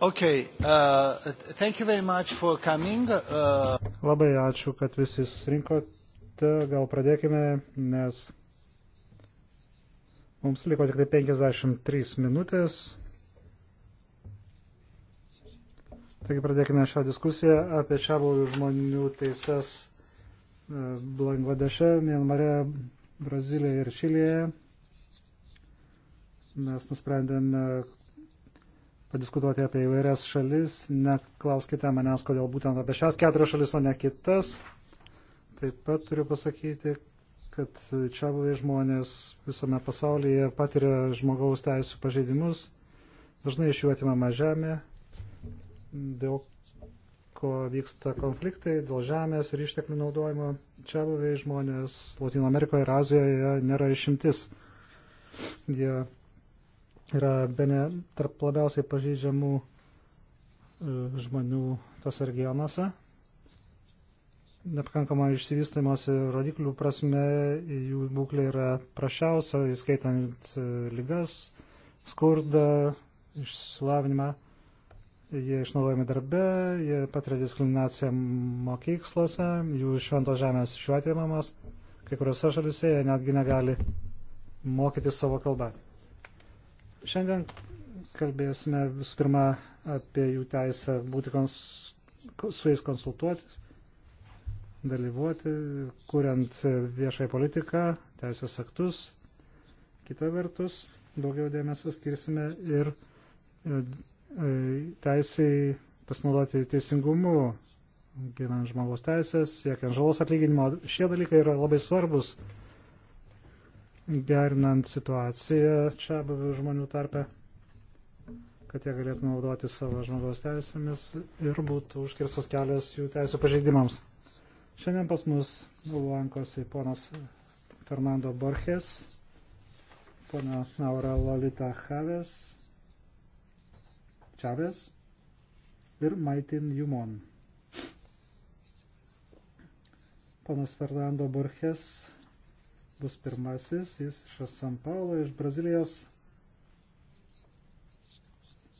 Okay, uh, thank you very much for coming. Uh... Labai ačiū, kad visi susirinkote. Gal pradėkime, nes mums liko tik tai 53 minutės. Taigi pradėkime šią diskusiją apie čia buvusių žmonių teises uh, Bangladeše, Mienmare, Brazilijoje ir Čilėje. Mes nusprendėme padiskutuoti apie įvairias šalis. Neklauskite manęs, kodėl būtent apie šias keturias šalis, o ne kitas. Taip pat turiu pasakyti, kad čia buvę žmonės visame pasaulyje patiria žmogaus teisų pažeidimus. Dažnai iš jų atimama žemė, dėl ko vyksta konfliktai, dėl žemės ir išteklių naudojimo. Čia buvę žmonės Latino Amerikoje ir Azijoje nėra išimtis. Jie yra bene tarp labiausiai pažeidžiamų e, žmonių tose regionuose. Nepakankama išsivystimosi rodiklių prasme jų būklė yra prašiausia, įskaitant e, lygas, skurdą, išsilavinimą. Jie išnaudojami darbe, jie patiria diskriminaciją mokyklose, jų šventos žemės šiuo atimamas, kai kuriuose šalise jie netgi negali mokytis savo kalbą. Šiandien kalbėsime visų pirma apie jų teisę būti kons, su jais konsultuotis, dalyvuoti, kuriant viešąją politiką, teisės aktus. Kita vertus, daugiau dėmesio skirsime ir e, e, teisiai pasinaudoti teisingumu, ginant žmogaus teisės, siekiant žalos atlyginimo. Šie dalykai yra labai svarbus gerinant situaciją čia buvę žmonių tarpe, kad jie galėtų naudoti savo žmogaus teisėmis ir būtų užkirstas kelias jų teisų pažeidimams. Šiandien pas mus lankosi ponas Fernando Borges, pana Naura Lolita Chaves, Čavės ir Maitin Jumon. Panas Fernando Borges bus pirmasis, jis iš San Paulo, iš Brazilijos.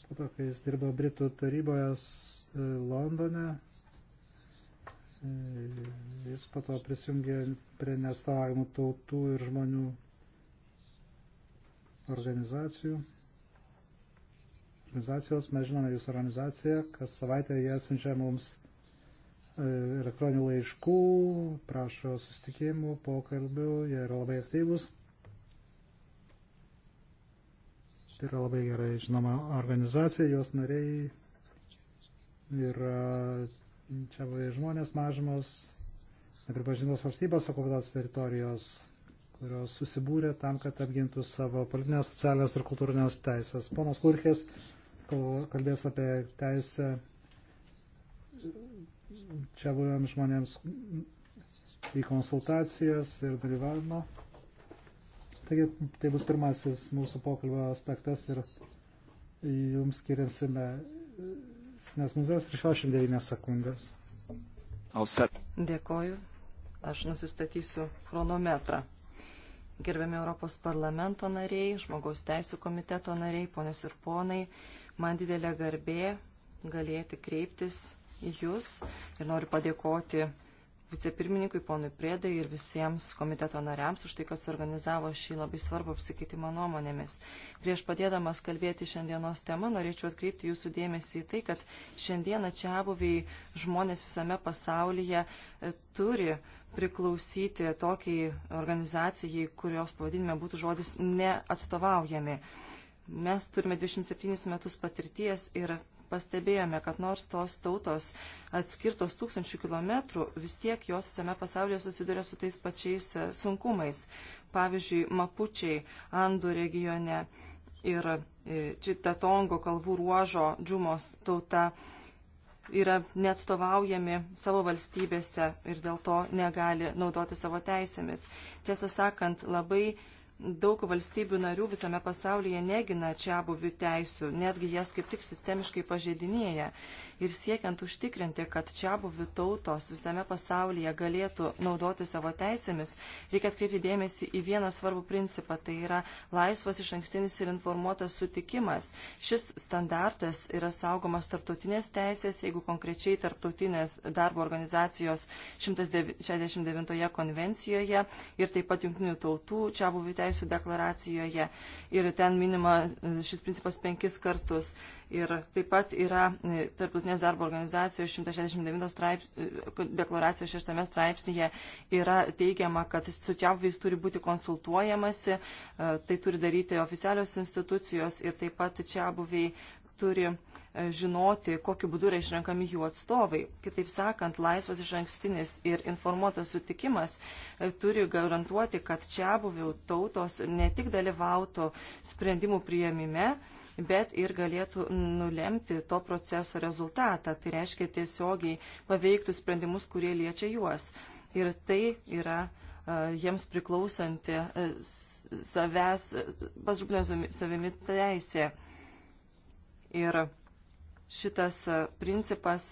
Po to, kai jis dirbo Britų taryboje e, Londone, e, jis po to prisijungė prie nestavimų tautų ir žmonių organizacijų. Organizacijos, mes žinome jūsų organizaciją, kas savaitę jie atsiunčia mums elektroninių laiškų, prašo susitikimų, pokalbių, jie yra labai aktyvus. Tai yra labai gerai žinoma organizacija, jos nariai yra čia žmonės mažumos, nepripažintos valstybės okupuotos teritorijos, kurios susibūrė tam, kad apgintų savo politinės, socialinės ir kultūrinės teisės. Ponas Lurkės kalbės apie teisę čia buvėm žmonėms į konsultacijas ir dalyvavimą. Taigi tai bus pirmasis mūsų pokalbio aspektas ir jums skiriamsime 7 minutės ir 69 sekundės. Dėkoju. Aš nusistatysiu chronometrą. Gerbiami Europos parlamento nariai, žmogaus teisų komiteto nariai, ponios ir ponai, man didelė garbė galėti kreiptis Jūs ir noriu padėkoti vicepirmininkui, ponui Priedai ir visiems komiteto nariams už tai, kad suorganizavo šį labai svarbų apsikeitimą nuomonėmis. Prieš padėdamas kalbėti šiandienos temą, norėčiau atkreipti jūsų dėmesį į tai, kad šiandieną čia buviai žmonės visame pasaulyje e, turi priklausyti tokiai organizacijai, kurios pavadinime būtų žodis neatstovaujami. Mes turime 27 metus patirties ir pastebėjome, kad nors tos tautos atskirtos tūkstančių kilometrų, vis tiek jos visame pasaulyje susiduria su tais pačiais e, sunkumais. Pavyzdžiui, Mapučiai Andų regione ir e, Čitatongo kalvų ruožo džumos tauta yra neatstovaujami savo valstybėse ir dėl to negali naudoti savo teisėmis. Tiesą sakant, labai daug valstybių narių visame pasaulyje negina čia buvių teisų, netgi jas kaip tik sistemiškai pažeidinėja ir siekiant užtikrinti, kad čia buvi tautos visame pasaulyje galėtų naudoti savo teisėmis, reikia atkreipti dėmesį į vieną svarbų principą, tai yra laisvas iš ankstinis ir informuotas sutikimas. Šis standartas yra saugomas tarptautinės teisės, jeigu konkrečiai tarptautinės darbo organizacijos 169 konvencijoje ir taip pat jungtinių tautų čia buvi teisų deklaracijoje. Ir ten minima šis principas penkis kartus. Ir taip pat yra e, Tarptautinės darbo organizacijos 169 straips, e, deklaracijos 6 straipsnėje yra teigiama, kad su čiaupais turi būti konsultuojamasi, e, tai turi daryti oficialios institucijos ir taip pat čiabuviai turi žinoti, kokiu būdu yra išrenkami jų atstovai. Kitaip sakant, laisvas iš ankstinis ir informuotas sutikimas turi garantuoti, kad čia buvių tautos ne tik dalyvautų sprendimų prieimime, bet ir galėtų nulemti to proceso rezultatą. Tai reiškia tiesiogiai paveiktų sprendimus, kurie liečia juos. Ir tai yra jiems priklausanti savęs, pasirūpinę savimi teisė. Ir šitas principas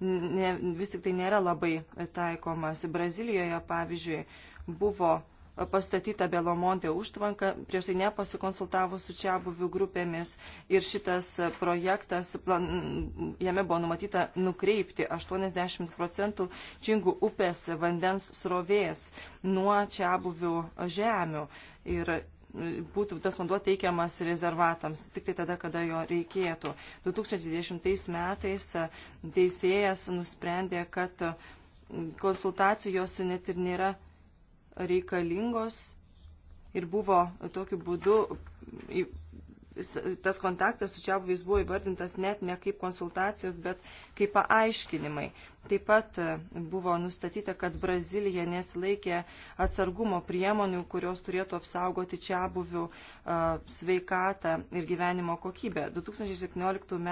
ne, vis tik tai nėra labai taikomas. Brazilijoje, pavyzdžiui, buvo pastatyta Belomonte užtvanka, prieš tai nepasikonsultavo su čia buvių grupėmis ir šitas projektas, plan, jame buvo numatyta nukreipti 80 procentų Čingų upės vandens srovės nuo čia buvių žemių. Ir būtų tas vanduo teikiamas rezervatams, tik tai tada, kada jo reikėtų. 2010 metais teisėjas nusprendė, kad konsultacijos net ir nėra reikalingos ir buvo tokiu būdu, tas kontaktas su čiabuviais buvo įvardintas net ne kaip konsultacijos, bet kaip paaiškinimai. Taip pat e, buvo nustatyta, kad Brazilija nesilaikė atsargumo priemonių, kurios turėtų apsaugoti čia buvių e, sveikatą ir gyvenimo kokybę. 2017 m.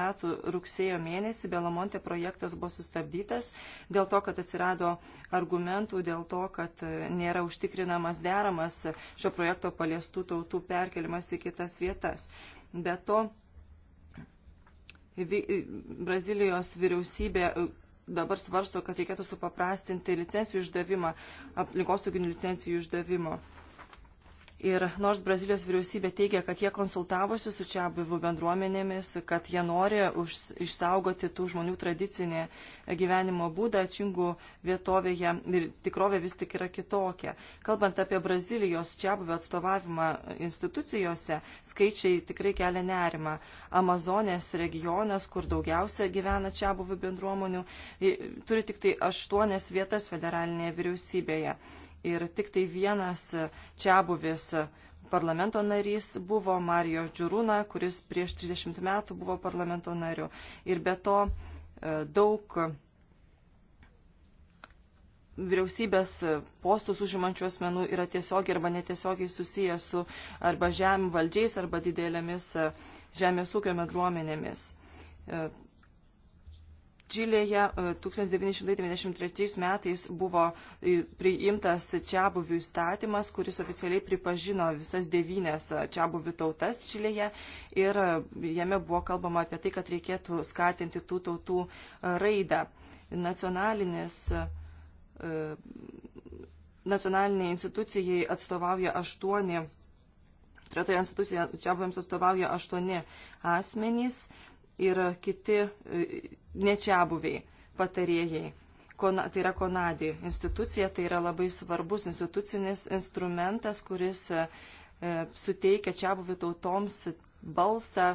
rugsėjo mėnesį Belamonte projektas buvo sustabdytas dėl to, kad atsirado argumentų, dėl to, kad e, nėra užtikrinamas deramas šio projekto paliestų tautų perkelimas į kitas vietas. Be to, Brazilijos vyriausybė dabar svarsto, kad reikėtų supaprastinti licencijų išdavimą, aplinkosauginių licencijų išdavimo. Ir nors Brazilijos vyriausybė teigia, kad jie konsultavosi su čia buvų bendruomenėmis, kad jie nori už, išsaugoti tų žmonių tradicinį gyvenimo būdą, čingų vietovėje ir tikrovė vis tik yra kitokia. Kalbant apie Brazilijos čia buvę atstovavimą institucijose, skaičiai tikrai kelia nerimą. Amazonės regionas, kur daugiausia gyvena čia buvų bendruomenių, turi tik tai aštuonias vietas federalinėje vyriausybėje ir tik tai vienas čia buvęs parlamento narys buvo Mario Džiurūna, kuris prieš 30 metų buvo parlamento nariu. Ir be to e, daug vyriausybės postus užimančių asmenų yra tiesiogiai arba netiesiogiai susiję su arba žemvaldžiais arba didelėmis e, žemės ūkio bendruomenėmis. E, Čilėje 1993 e, metais buvo e, priimtas čia buvių įstatymas, kuris oficialiai pripažino visas devynės e, čia buvių tautas Čilėje ir jame buvo kalbama apie tai, kad reikėtų skatinti tų tautų raidą. Nacionalinis, nacionaliniai institucijai atstovauja aštuoni. Tretoje institucijoje čia buvams atstovauja aštuoni asmenys ir kiti nečiabuviai, patarėjai. Kona, tai yra Konadi institucija, tai yra labai svarbus institucinis instrumentas, kuris e, suteikia čiabuvių tautoms balsą,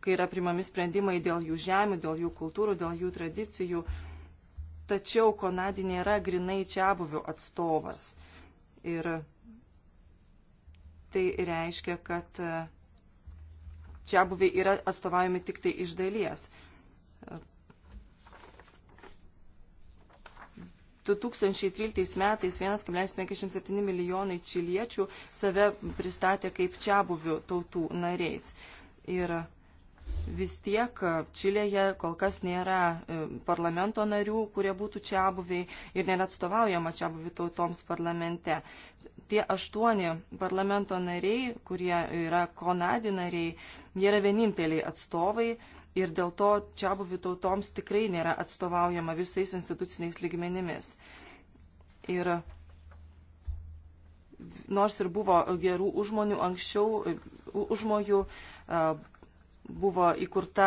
kai yra primami sprendimai dėl jų žemių, dėl jų kultūrų, dėl jų tradicijų. Tačiau Konadi nėra grinai čiabuvių atstovas. Ir tai reiškia, kad e, čiabuviai yra atstovaujami tik tai iš dalies. 2013 metais 1,57 milijonai čiliečių save pristatė kaip čia buvių tautų nariais. Ir vis tiek Čilėje kol kas nėra e, parlamento narių, kurie būtų čia buviai ir nėra atstovaujama čia buvių tautoms parlamente. Tie aštuoni parlamento nariai, kurie yra konadi nariai, jie yra vieninteliai atstovai ir dėl to čia buvių tautoms tikrai nėra atstovaujama visais instituciniais lygmenimis. Ir nors ir buvo gerų užmonių anksčiau, užmojų buvo įkurta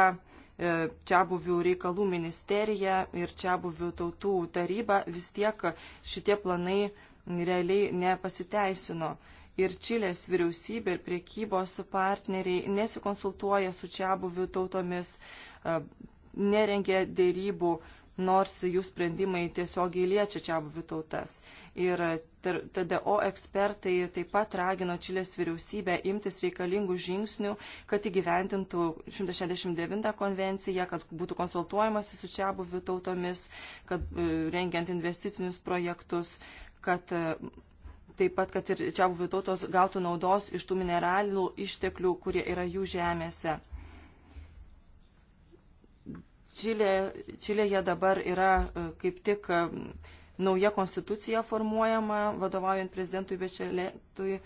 e, čia buvių reikalų ministerija ir čia buvių tautų taryba, vis tiek šitie planai realiai nepasiteisino ir Čilės vyriausybė ir priekybos partneriai nesikonsultuoja su čia buvių tautomis, nerengia dėrybų, nors jų sprendimai tiesiogiai liečia čia buvių tautas. Ir TDO ekspertai taip pat ragino Čilės vyriausybę imtis reikalingų žingsnių, kad įgyventintų 169 konvenciją, kad būtų konsultuojamasi su čia buvių tautomis, kad e, rengiant investicinius projektus, kad e, taip pat, kad ir čia buvių tautos gautų naudos iš tų mineralų išteklių, kurie yra jų žemėse. Čilė, Čilėje dabar yra e, kaip tik e, nauja konstitucija formuojama, vadovaujant prezidentui Bečeletui.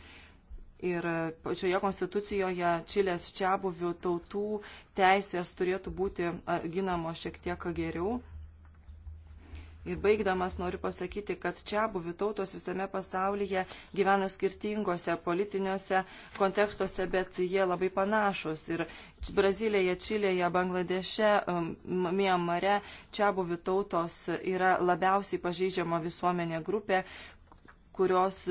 Ir pačioje e, konstitucijoje Čilės čia buvių tautų teisės turėtų būti ginamos šiek tiek geriau. Ir baigdamas noriu pasakyti, kad čia buvių tautos visame pasaulyje gyvena skirtingose politiniuose kontekstuose, bet jie labai panašus. Ir Brazilėje, Čilėje, Bangladeše, um, Miamare čia buvių tautos yra labiausiai pažeidžiama visuomenė grupė, kurios,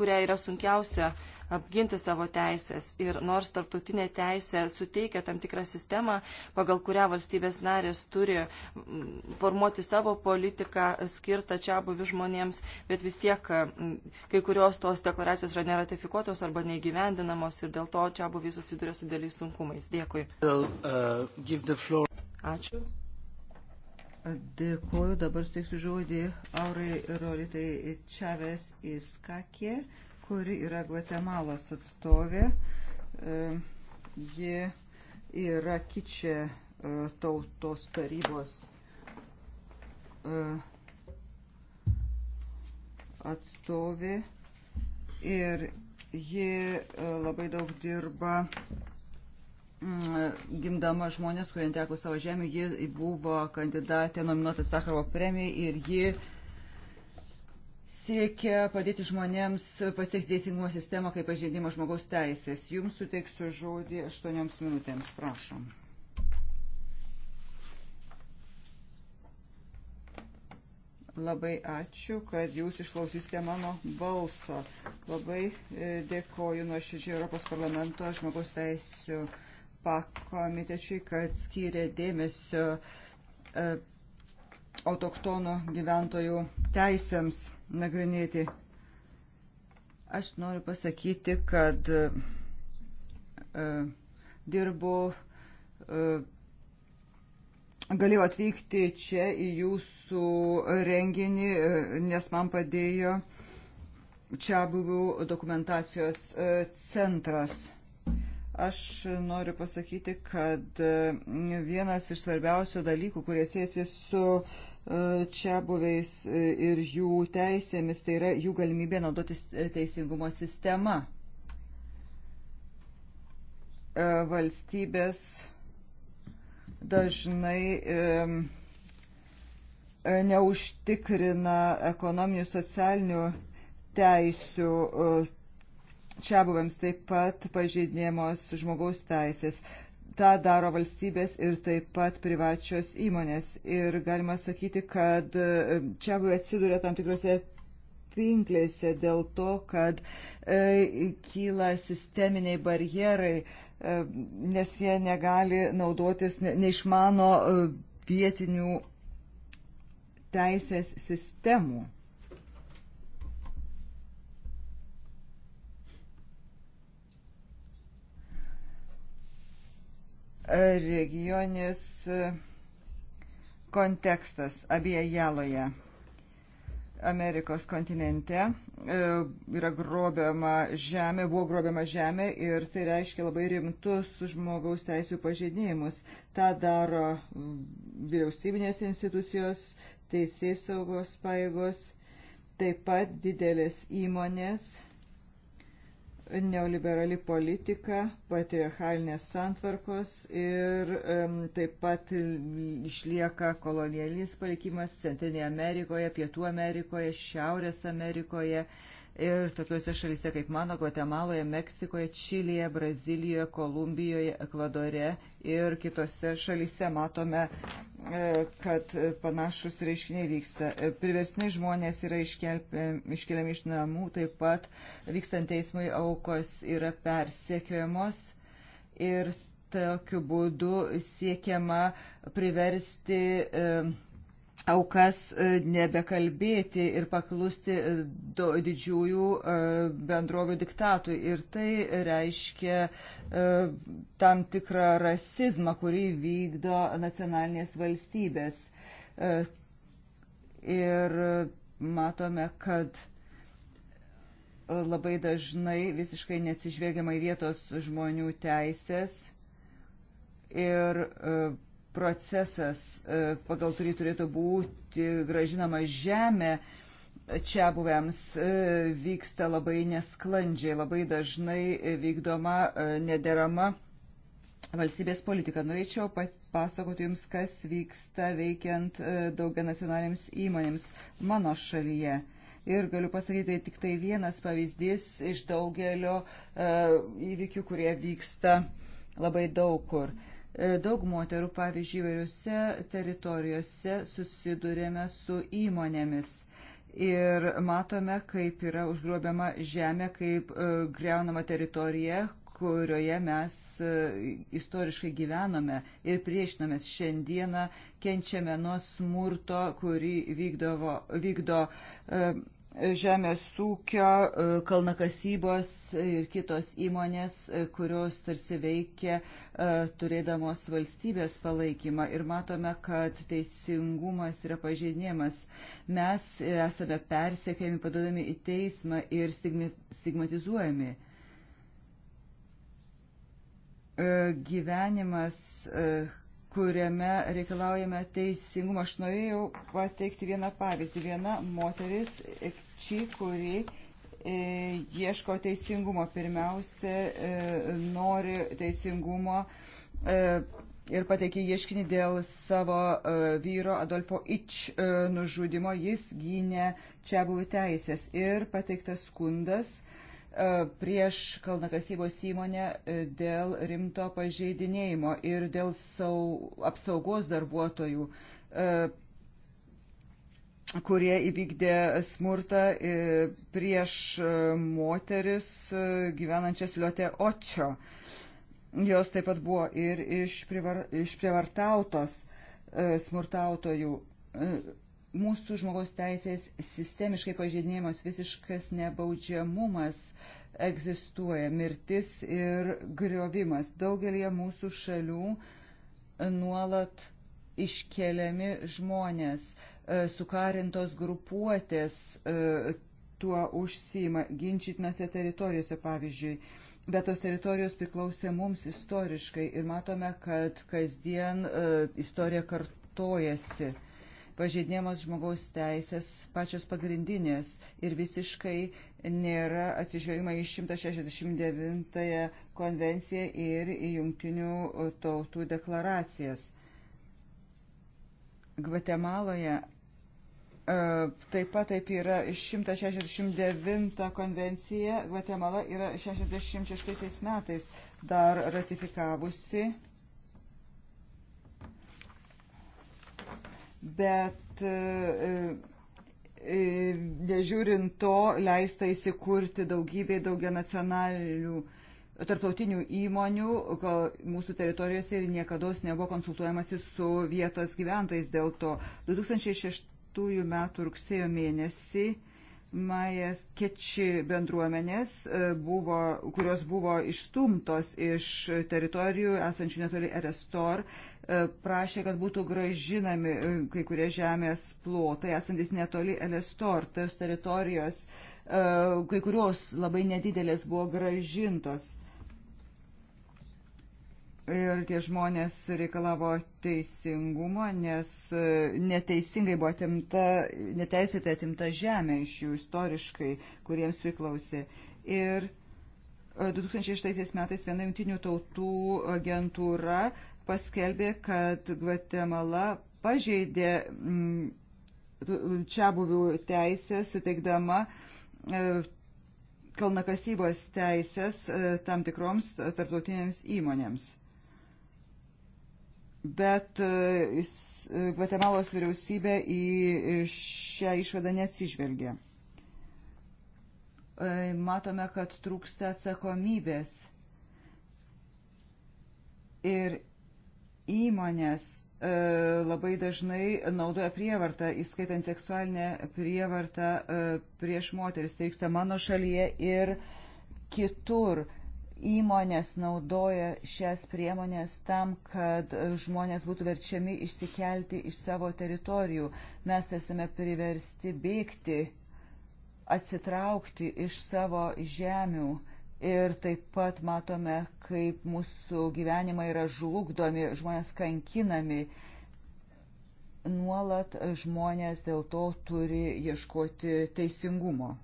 kurią yra sunkiausia apginti savo teisės. Ir nors tarptautinė teisė suteikia tam tikrą sistemą, pagal kurią valstybės narės turi mm, formuoti savo politiką skirtą čia buvi žmonėms, bet vis tiek mm, kai kurios tos deklaracijos yra neratifikuotos arba neįgyvendinamos ir dėl to čia buvi susiduria su dėliais sunkumais. Dėkui. Uh, Ačiū. Dėkuoju, dabar steiksiu žodį Aurai Rolitai Čiavės įskakė kuri yra Gvatemalos atstovė. E, ji yra Kičia e, tautos tarybos e, atstovė ir ji labai daug dirba mm, gimdama žmonės, kurie teko savo žemę, ji buvo kandidatė nominuota Sakarovo premijai ir ji siekia padėti žmonėms pasiekti teisingumo sistemą kaip pažeidimo žmogaus teisės. Jums suteiksiu žodį aštuonioms minutėms. Prašom. Labai ačiū, kad jūs išklausysite mano balso. Labai e, dėkoju nuoširdžiai Europos parlamento žmogaus teisų pakomitečiui, kad skyrė dėmesio e, autoktonų gyventojų teisėms nagrinėti. Aš noriu pasakyti, kad e, dirbu, e, galėjau atvykti čia į jūsų renginį, e, nes man padėjo čia buvių dokumentacijos e, centras. Aš noriu pasakyti, kad e, vienas iš svarbiausių dalykų, kurie siejasi su čia buveis e, ir jų teisėmis, tai yra jų galimybė naudotis teisingumo sistema. E, valstybės dažnai e, neužtikrina ekonominių socialinių teisių čia buvams taip pat pažeidinėjamos žmogaus teisės tą daro valstybės ir taip pat privačios įmonės. Ir galima sakyti, kad e, čia buvai atsiduria tam tikrose pinklėse dėl to, kad e, kyla sisteminiai barjerai, e, nes jie negali naudotis, ne, neišmano e, vietinių teisės sistemų. regioninis e, kontekstas abiejaloje. Amerikos kontinente e, yra grobiama žemė, buvo grobiama žemė ir tai reiškia labai rimtus žmogaus teisų pažeidėjimus. Ta daro vyriausybinės institucijos, teisės saugos paėgos, taip pat didelės įmonės neoliberali politika, patriarchalinės santvarkos ir um, taip pat išlieka kolonialinis palikimas Centrinėje Amerikoje, Pietų Amerikoje, Šiaurės Amerikoje. Uh, ir tokiuose šalyse kaip mano Gvatemaloje, Meksikoje, Čilėje, Brazilijoje, Kolumbijoje, Ekvadore ir kitose šalyse matome, e, kad panašus reiškiniai vyksta. E, priversni žmonės yra iškeliami iš namų, taip pat vykstant teismui aukos yra persekiojamos ir tokiu būdu siekiama priversti e, aukas e, nebekalbėti ir paklusti e, didžiųjų e, bendrovių diktatui. Ir tai reiškia tam tikrą rasizmą, kurį vykdo nacionalinės valstybės. Ir matome, kad labai dažnai visiškai neatsižvelgiama į vietos žmonių teisės ir procesas, e, pagal kurį turėtų būti gražinama žemė, čia buvėms e, vyksta labai nesklandžiai, labai dažnai vykdoma e, nederama valstybės politika. Norėčiau papasakoti Jums, kas vyksta veikiant daugia nacionalėms įmonėms mano šalyje. Ir galiu pasakyti, tai tik tai vienas pavyzdys iš daugelio įvykių, kurie vyksta labai daug kur. Uh, E, daug moterų, pavyzdžiui, įvairiose teritorijose susidurėme su įmonėmis ir matome, kaip yra užgrobiama žemė, kaip e, greunama teritorija, kurioje mes e, istoriškai gyvenome ir priešinomės. Šiandieną kenčiame nuo smurto, kurį vykdovo, vykdo žemės ūkio, e, kalnakasybos ir kitos įmonės, e, kurios tarsi veikia e, turėdamos valstybės palaikymą. Ir matome, kad teisingumas yra pažeidinėjimas. Mes esame persekiami, padodami į teismą ir stigmatizuojami. Gyvenimas kuriame reikalaujame teisingumo. Aš norėjau pateikti vieną pavyzdį. Viena moteris Či, kuri e, ieško teisingumo. Pirmiausia, e, nori teisingumo e, ir pateikė ieškinį dėl savo vyro Adolfo Ič nužudimo. Jis gynė čia buvų teisės ir pateiktas skundas prieš kalnakasybos įmonę dėl rimto pažeidinėjimo ir dėl sau, apsaugos darbuotojų kurie įvykdė smurtą e, prieš e, moteris e, gyvenančias Liotė Očio. Jos taip pat buvo ir išprievartautos smurtautojų. Mūsų žmogaus teisės sistemiškai pažydinėjamos visiškas nebaudžiamumas egzistuoja, mirtis ir griovimas. Daugelie mūsų šalių nuolat iškeliami žmonės. Uh, E, sukarintos grupuotės e, tuo užsima ginčytinose teritorijose, pavyzdžiui. Bet tos teritorijos priklausė mums istoriškai ir matome, kad kasdien e, istorija kartojasi. Pažeidinėmos žmogaus teisės pačios pagrindinės ir visiškai nėra atsižvelgima į 169 konvenciją ir į jungtinių tautų deklaracijas. Gvatemaloje E, taip pat taip yra 169 konvencija, Gvatemala yra 66 metais dar ratifikavusi, bet e, e, nežiūrint to leista įsikurti daugybė daugia nacionalių tarptautinių įmonių mūsų teritorijose ir niekada nebuvo konsultuojamasi su vietos gyventojais dėl to. 2006 2015 metų rugsėjo mėnesį Majas Keči bendruomenės, e, buvo, kurios buvo išstumtos iš teritorijų esančių netoli Erestor, e, prašė, kad būtų gražinami e, kai kurie žemės plotai esantis netoli Erestor. Tas teritorijos, kai kurios labai nedidelės buvo gražintos. Ir tie žmonės reikalavo teisingumo, nes e, neteisingai buvo atimta, neteisėtai atimta žemė iš jų istoriškai, kuriems priklausė. Ir 2006 e, metais viena jungtinių tautų agentūra paskelbė, kad Gvatemala pažeidė mm, čia buvių teisę, suteikdama e, kalnakasybos teisės tam tikroms tarptautinėms įmonėms bet e, e, Gvatemalos vyriausybė į šią išvadą neatsižvelgia. E, matome, kad trūksta atsakomybės ir įmonės labai dažnai naudoja prievartą, įskaitant seksualinę prievartą prieš moteris, tai vyksta mano šalyje ir kitur. Įmonės naudoja šias priemonės tam, kad žmonės būtų verčiami išsikelti iš savo teritorijų. Mes esame priversti bėgti, atsitraukti iš savo žemių. Ir taip pat matome, kaip mūsų gyvenimai yra žlugdomi, žmonės kankinami. Nuolat žmonės dėl to turi ieškoti teisingumo.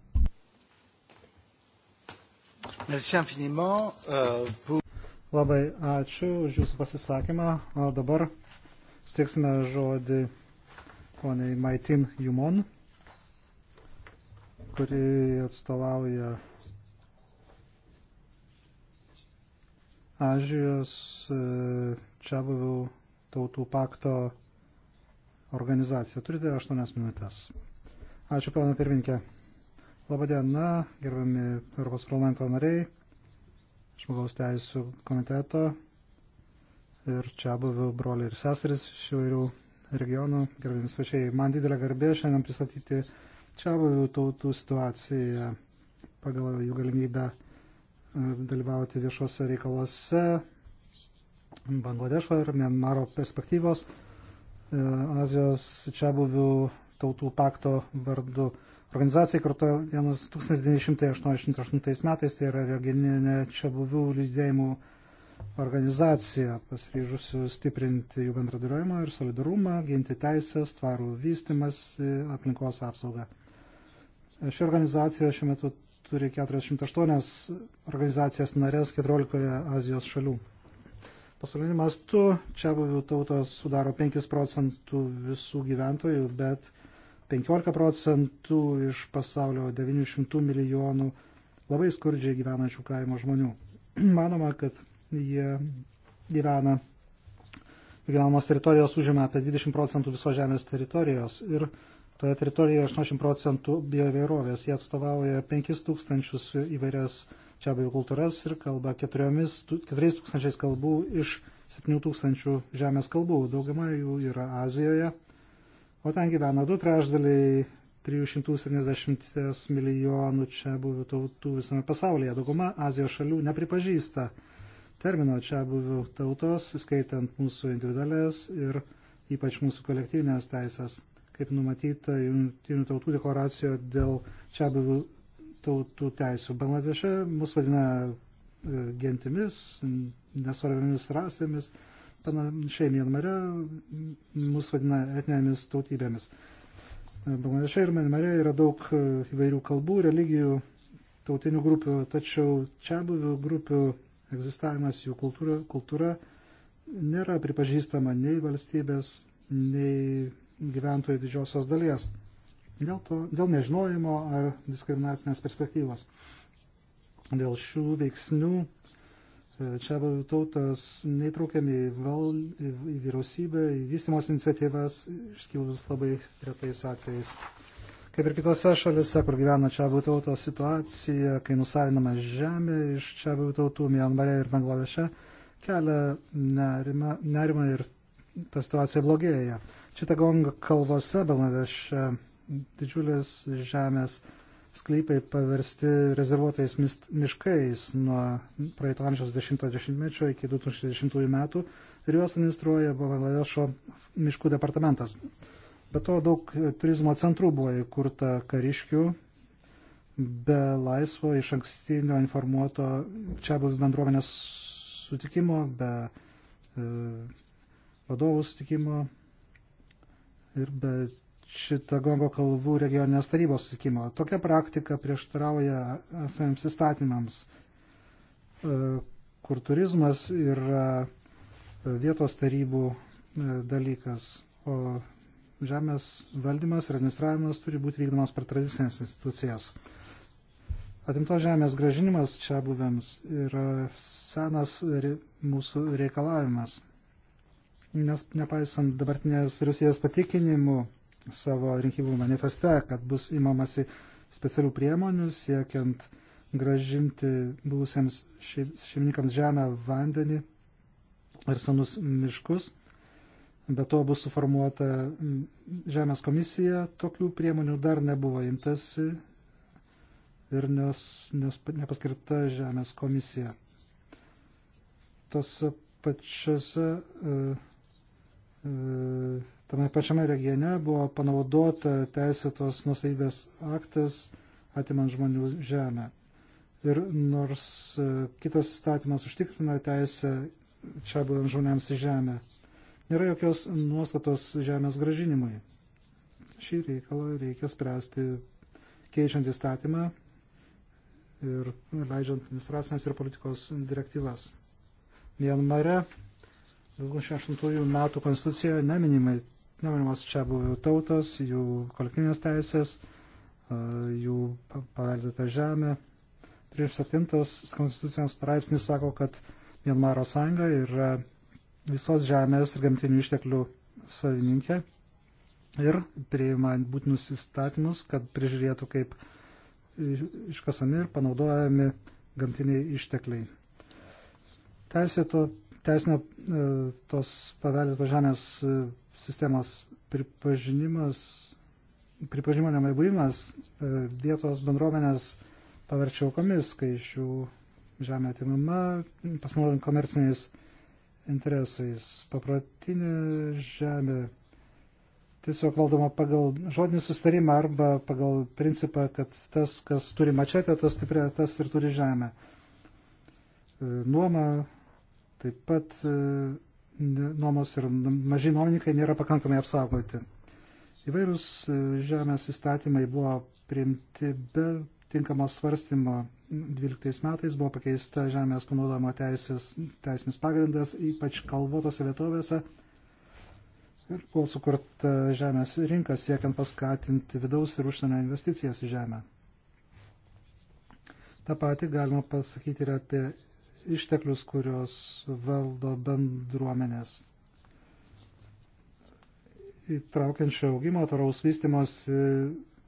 Merci infiniment. Uh, pour... Labai ačiū už Jūsų pasisakymą. O dabar steiksime žodį poniai Maitin Jumon, kuri atstovauja Azijos e, čia buvių tautų pakto organizaciją. Turite 8 minutės. Ačiū, pana pirminkė. Labadiena, gerbiami Europos parlamento nariai, žmogaus teisų komiteto ir čia buvių broliai ir seseris iš įvairių regionų, gerbiami svečiai. Man didelė garbė šiandien pristatyti čia buvių tautų situaciją pagal jų galimybę e, dalyvauti viešuose reikaluose Bangladešo ir Mianmaro perspektyvos e, Azijos čia buvių tautų pakto vardu. Organizacija kartu 1988 metais, tai yra regioninė čia buvių lydėjimų organizacija, pasiryžusių stiprinti jų bendradarbiavimą ir solidarumą, ginti teisės, tvarų vystimas, aplinkos apsaugą. Ši organizacija šiuo metu turi 48 organizacijas narės 14 Azijos šalių. Pasauliniu mastu čia buvių tautos sudaro 5 procentų visų gyventojų, bet 15 procentų iš pasaulio 900 milijonų labai skurdžiai gyvenančių kaimo žmonių. Manoma, kad jie gyvena, gyvenamos teritorijos užima apie 20 procentų viso žemės teritorijos ir toje teritorijoje 80 procentų bioįvairovės. Jie atstovauja 5000 įvairias čia abiejų kultūras ir kalba 4000 kalbų iš 7000 žemės kalbų. Dauguma jų yra Azijoje O ten gyvena du trešdaliai 370 milijonų čia buvių tautų visame pasaulyje. Dauguma Azijos šalių nepripažįsta termino čia buvių tautos, skaitant mūsų individualės ir ypač mūsų kolektyvinės teisės, kaip numatyta Junktinių tautų deklaracijoje dėl čia buvių tautų teisų. Bangladeše mus vadina e, gentimis, nesvarbiamis rasėmis panašiai Mienmare mus vadina etinėmis tautybėmis. Bangladeše ir Mienmare yra daug e, įvairių kalbų, religijų, tautinių grupių, tačiau čia buvių grupių egzistavimas, jų kultūra, kultūra nėra pripažįstama nei valstybės, nei gyventojų didžiosios dalies. Dėl, to, dėl nežinojimo ar diskriminacinės perspektyvos. Dėl šių veiksnių čia buvų tautas neįtraukiami val, į vyriausybę, į vystimos iniciatyvas, išskilus labai retais atvejais. Kaip ir kitose šalise, kur gyvena čia buvų tautos situacija, kai nusavinama žemė iš čia buvų tautų Mianmare ir Bangladeše, kelia nerimą, nerimą ir ta situacija blogėja. Čitagong kalvose Bangladeše didžiulės žemės sklypai paversti rezervuotais miškais nuo praeito amžiaus 10-mečio iki 2010 metų ir juos administruoja Bangladešo miškų departamentas. Be to daug turizmo centrų buvo įkurta kariškių be laisvo iš ankstinio informuoto čia bus bendruomenės sutikimo, be e, vadovų sutikimo ir be Čitagongo kalvų regioninės tarybos sutikimo. Tokia praktika prieštarauja esamiems įstatymams, e, kur turizmas yra e, vietos tarybų e, dalykas, o žemės valdymas ir administravimas turi būti vykdomas per tradicinės institucijas. Atimtos žemės gražinimas čia buvėms yra senas mūsų reikalavimas, nes nepaisant dabartinės vyriausybės patikinimų, savo rinkimų manifeste, kad bus imamasi specialių priemonių siekiant gražinti buvusiems šeimininkams žemę, vandenį ir senus miškus. Be to bus suformuota Žemės komisija, tokių priemonių dar nebuvo imtasi ir nes, nes, nepaskirta Žemės komisija. Tos pačiose uh, E, tame pačiame regione buvo panaudota teisėtos nusavybės aktas atimant žmonių žemę. Ir nors e, kitas įstatymas užtikrina teisę čia būtent žmonėms į žemę, nėra jokios nuostatos žemės gražinimui. Šį reikalą reikia spręsti keičiant įstatymą ir leidžiant administracinės ir politikos direktyvas. Mianmare 2008 metų konstitucijoje neminimai, neminimas čia buvo tautos, jų kolektyvinės teisės, jų paveldėta žemė. 37 konstitucijos straipsnis sako, kad Mienmaro sąjunga yra visos žemės ir gamtinių išteklių savininkė ir priima būtinus įstatymus, kad prižiūrėtų, kaip iškasami ir panaudojami gamtiniai ištekliai. Teisėto teisinio e, tos paveldėtos žemės e, sistemos pripažinimas, pripažinimo nemaibūjimas e, vietos bendruomenės paverčia aukomis, kai iš jų žemė atimama, pasinaudojant komerciniais interesais. Papratinė žemė tiesiog valdoma pagal žodinį sustarimą arba pagal principą, kad tas, kas turi mačetę, tas stiprė, tas ir turi žemę. Nuoma Taip pat e, nuomos ir maži nuomininkai nėra pakankamai apsaugoti. Įvairūs e, žemės įstatymai buvo priimti be tinkamo svarstymo. 12 metais buvo pakeista žemės panaudojimo teisės, teisinis pagrindas, ypač kalvotose vietovėse. Ir buvo sukurta žemės rinka siekiant paskatinti vidaus ir užsienio investicijas į žemę. Ta pati galima pasakyti ir apie išteklius, kurios valdo bendruomenės. Įtraukiančio augimo, tvaraus vystimas,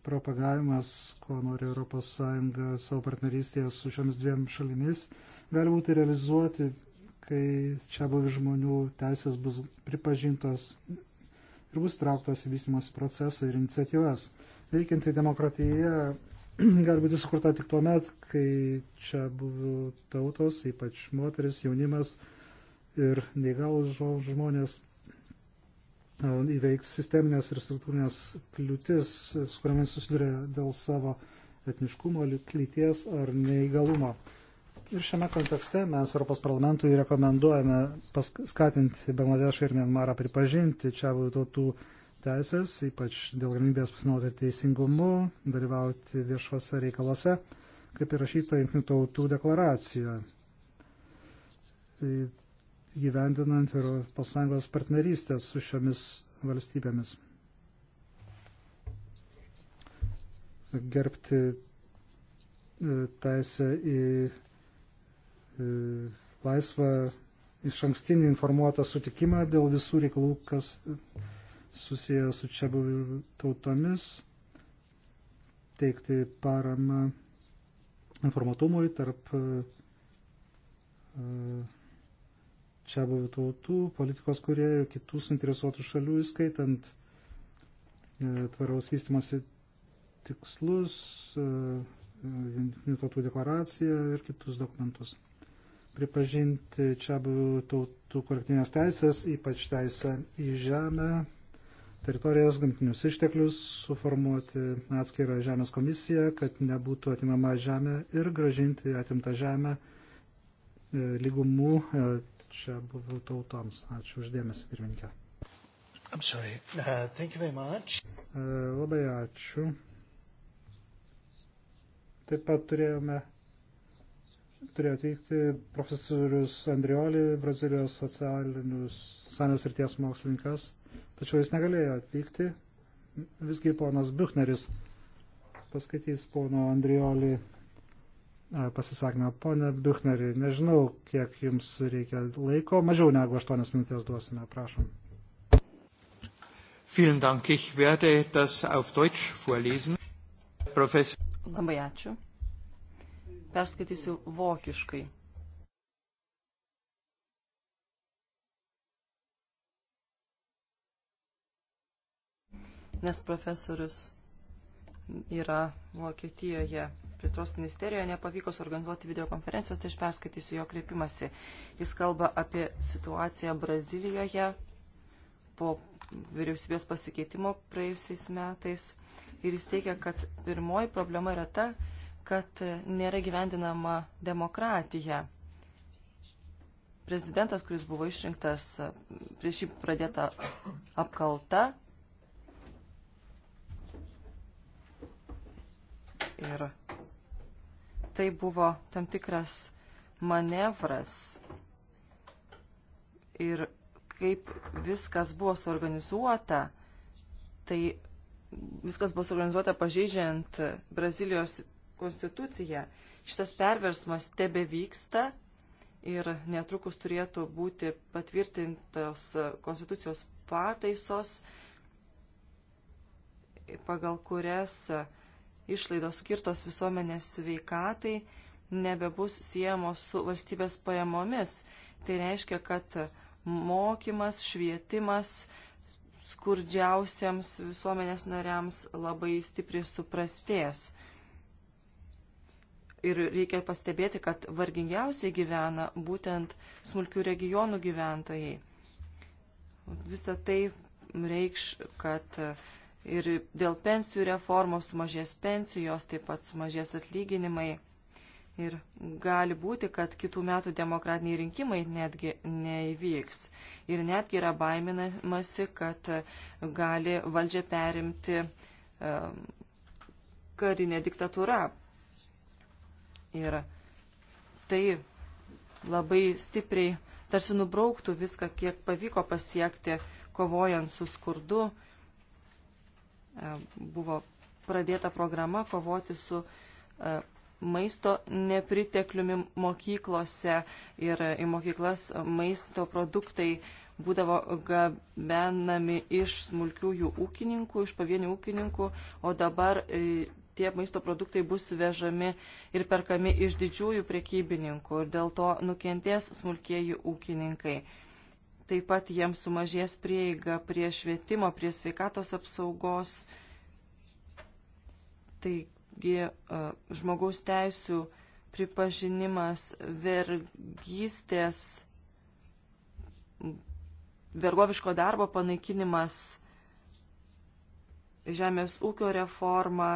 propagavimas, ko nori ES savo partnerystėje su šiomis dviem šalimis, gali būti realizuoti, kai čia buvi žmonių teisės bus pripažintos ir bus trauktos į vystimosi procesą ir iniciatyvas. Veikianti demokratija gali būti sukurta tik tuo met, kai čia buvo tautos, ypač moteris, jaunimas ir neįgalus žmonės įveiks sisteminės ir struktūrinės kliūtis, su kuriamis susiduria dėl savo etniškumo, lyties ar neįgalumo. Ir šiame kontekste mes Europos parlamentui rekomenduojame paskatinti Bangladešą ir Mianmarą pripažinti čia tautų teisės, ypač dėl galimybės pasinaudoti teisingumu, dalyvauti viešuose reikaluose, kaip įrašyta Junktinių tautų deklaracijoje, gyvendinant ir pasangos partnerystės su šiomis valstybėmis. Gerbti e, teisę į e, laisvą iš ankstinį informuotą sutikimą dėl visų reikalų, kas susiję su čia buvių tautomis, teikti paramą informatumui tarp e, čia buvių tautų, politikos kuriejų, kitų suinteresuotų šalių, įskaitant e, tvaraus vystimosi tikslus, e, tautų deklaraciją ir kitus dokumentus. Pripažinti čia buvių tautų kolektyvinės teisės, ypač teisę į žemę, teritorijas, gamtinius išteklius, suformuoti atskirą žemės komisiją, kad nebūtų atimama žemė ir gražinti atimtą žemę e, lygumų e, čia buvau tautoms. Ačiū uždėmesi, pirmininkė. Uh, e, labai ačiū. Taip pat turėjome, turėjo atvykti profesorius Andrioli, Brazilijos socialinius, socialinės ryties mokslininkas tačiau jis negalėjo atvykti. Visgi ponas Buchneris paskaitys pono Andrioli e, pasisakymą. Pone Buchneri, nežinau, kiek jums reikia laiko, mažiau negu 8 minutės duosime, prašom. Vielen Dank, ich werde das auf Deutsch vorlesen. Professor. Labai ačiū. Perskaitysiu vokiškai. nes profesorius yra Vokietijoje. Plėtros ministerijoje nepavyko suorganizuoti videokonferencijos, tai aš perskaitysiu jo kreipimasi. Jis kalba apie situaciją Brazilijoje po vyriausybės pasikeitimo praėjusiais metais ir jis teigia, kad pirmoji problema yra ta, kad nėra gyvendinama demokratija. Prezidentas, kuris buvo išrinktas prieš jį pradėta apkalta, ir tai buvo tam tikras manevras ir kaip viskas buvo suorganizuota, tai viskas buvo suorganizuota pažeidžiant Brazilijos konstituciją. Šitas perversmas tebe vyksta ir netrukus turėtų būti patvirtintos konstitucijos pataisos, pagal kurias uh, išlaidos skirtos visuomenės sveikatai nebebus siejamos su valstybės pajamomis. Tai reiškia, kad mokymas, švietimas skurdžiausiems visuomenės nariams labai stipriai suprastės. Ir reikia pastebėti, kad vargingiausiai gyvena būtent smulkių regionų gyventojai. Visą tai reikš, kad ir dėl pensijų reformos sumažės pensijos, taip pat sumažės atlyginimai. Ir gali būti, kad kitų metų demokratiniai rinkimai netgi neįvyks. Ir netgi yra baiminamasi, kad gali valdžią perimti um, karinė diktatūra. Ir tai labai stipriai tarsi nubrauktų viską, kiek pavyko pasiekti, kovojant su skurdu, uh, E, buvo pradėta programa kovoti su e, maisto nepritekliumi mokyklose ir į mokyklas maisto produktai būdavo gabenami iš smulkiųjų ūkininkų, iš pavienių ūkininkų, o dabar e, tie maisto produktai bus vežami ir perkami iš didžiųjų prekybininkų ir dėl to nukentės smulkieji ūkininkai. Taip pat jiems sumažės prieiga prie švietimo, prie sveikatos apsaugos. Taigi e, žmogaus teisų pripažinimas vergystės, vergoviško darbo panaikinimas, žemės ūkio reforma,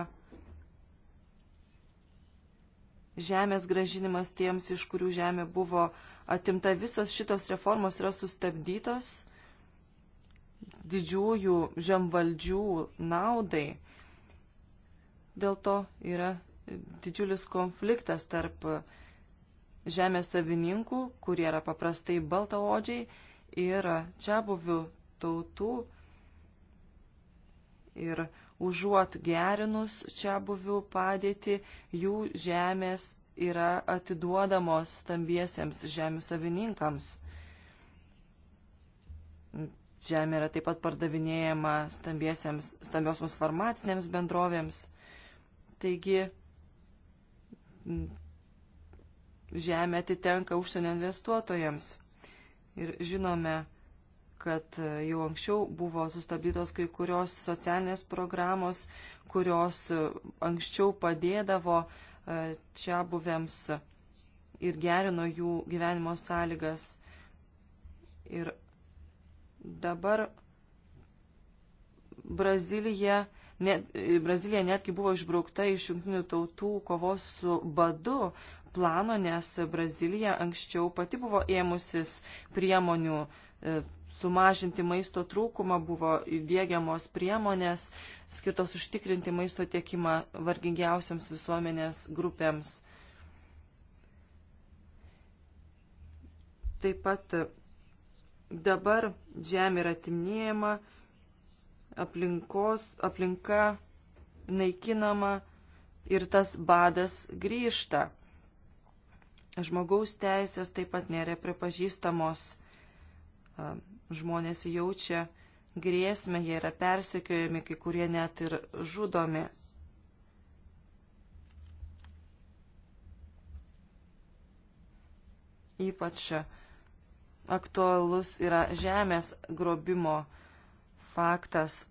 žemės gražinimas tiems, iš kurių žemė buvo uh, atimta, visos šitos reformos yra sustabdytos didžiųjų žemvaldžių naudai. Dėl to yra didžiulis konfliktas tarp žemės savininkų, kurie yra paprastai baltaodžiai, ir čia buvių tautų. Ir užuot gerinus čia buvių padėti, jų žemės yra atiduodamos stambiesiems žemių savininkams. Žemė yra taip pat pardavinėjama stambiosioms farmacinėms bendrovėms. Taigi žemė atitenka užsienio investuotojams. Ir žinome, kad jau anksčiau buvo sustabdytos kai kurios socialinės programos, kurios anksčiau padėdavo čia buvėms ir gerino jų gyvenimo sąlygas. Ir dabar Brazilija, ne, Brazilija netgi buvo išbraukta iš jungtinių tautų kovos su badu plano, nes Brazilija anksčiau pati buvo ėmusis priemonių e, sumažinti maisto trūkumą, buvo dėgiamos priemonės skirtos užtikrinti maisto tiekimą vargingiausiams visuomenės grupėms. Taip pat dabar žemė yra timnėjama, aplinkos, aplinka naikinama ir tas badas grįžta. Žmogaus teisės taip pat nėra pripažįstamos žmonės jaučia grėsmę, jie yra persekiojami, kai kurie net ir žudomi. Ypač aktualus yra žemės grobimo faktas.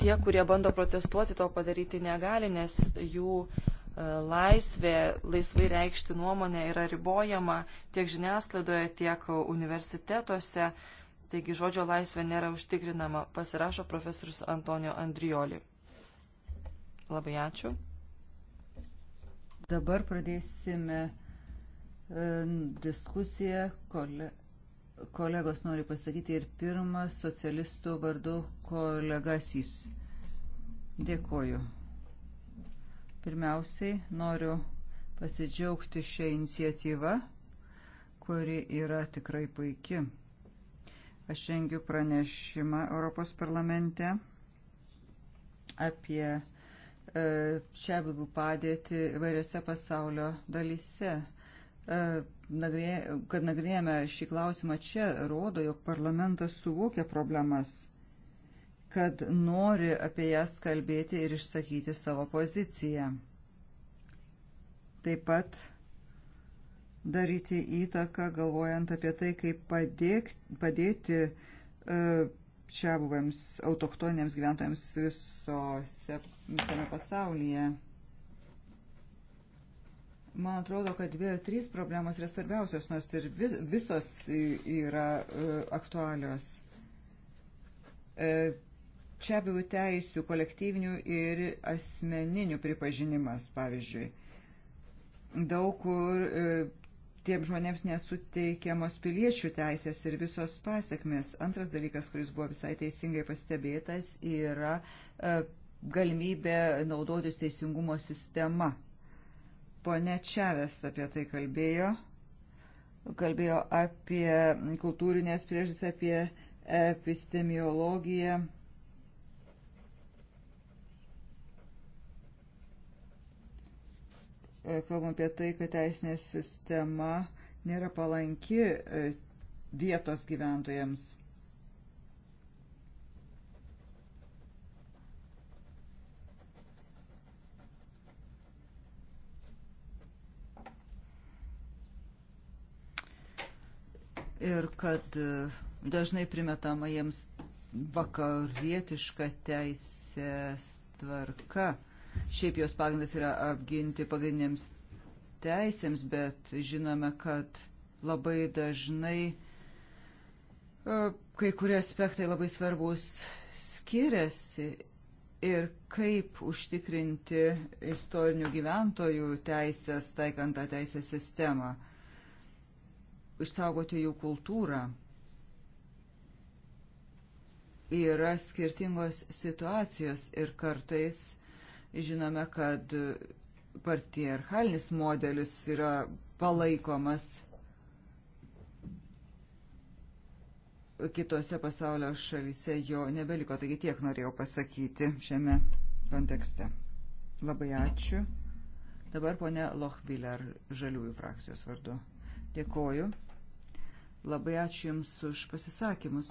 Tie, kurie bando protestuoti, to padaryti negali, nes jų uh, laisvė laisvai reikšti nuomonę yra ribojama tiek žiniasklaidoje, tiek universitetuose, taigi žodžio laisvė nėra užtikrinama, pasirašo profesorius Antonio Andrioli. Labai ačiū. Dabar pradėsime e, diskusiją. Kole, kolegos nori pasakyti ir pirmas socialistų vardu kolegasys. Dėkuoju. Pirmiausiai noriu pasidžiaugti šią iniciatyvą, kuri yra tikrai puiki. Aš rengiu pranešimą Europos parlamente apie čia e, buvų padėti įvairiose pasaulio dalyse. E, kad nagrinėjame šį klausimą čia, rodo, jog parlamentas suvokia problemas kad nori apie jas kalbėti ir išsakyti savo poziciją. Taip pat daryti įtaką, galvojant apie tai, kaip padėk, padėti e, čia buvams autoktoniams gyventojams visose, visame pasaulyje. Man atrodo, kad dvi ar trys problemos yra svarbiausios, nors ir vis, visos yra uh, aktualios. Uh, čia buvų teisių kolektyvinių ir asmeninių pripažinimas, pavyzdžiui. Daug kur e, tiem žmonėms nesuteikiamos piliečių teisės ir visos pasiekmes. Antras dalykas, kuris buvo visai teisingai pastebėtas, yra e, galimybė naudotis teisingumo sistema. Pone Čiavės apie tai kalbėjo. Kalbėjo apie kultūrinės priežastis, apie epistemiologiją kalbam apie tai, kad teisinė sistema nėra palanki e, vietos gyventojams. Ir kad e, dažnai primetama jiems vakarietiška teisės tvarka. Šiaip jos pagrindas yra apginti pagrindiniams teisėms, bet žinome, kad labai dažnai e, kai kurie aspektai labai svarbus skiriasi ir kaip užtikrinti istorinių gyventojų teisės, taikant tą teisę sistemą, išsaugoti jų kultūrą. Yra skirtingos situacijos ir kartais Žinome, kad partierchalinis modelis yra palaikomas kitose pasaulio šalyse jo nebeliko. Taigi tiek norėjau pasakyti šiame kontekste. Labai ačiū. Dabar ponia Lochbiller, žaliųjų frakcijos vardu. Dėkoju. Labai ačiū Jums už pasisakymus.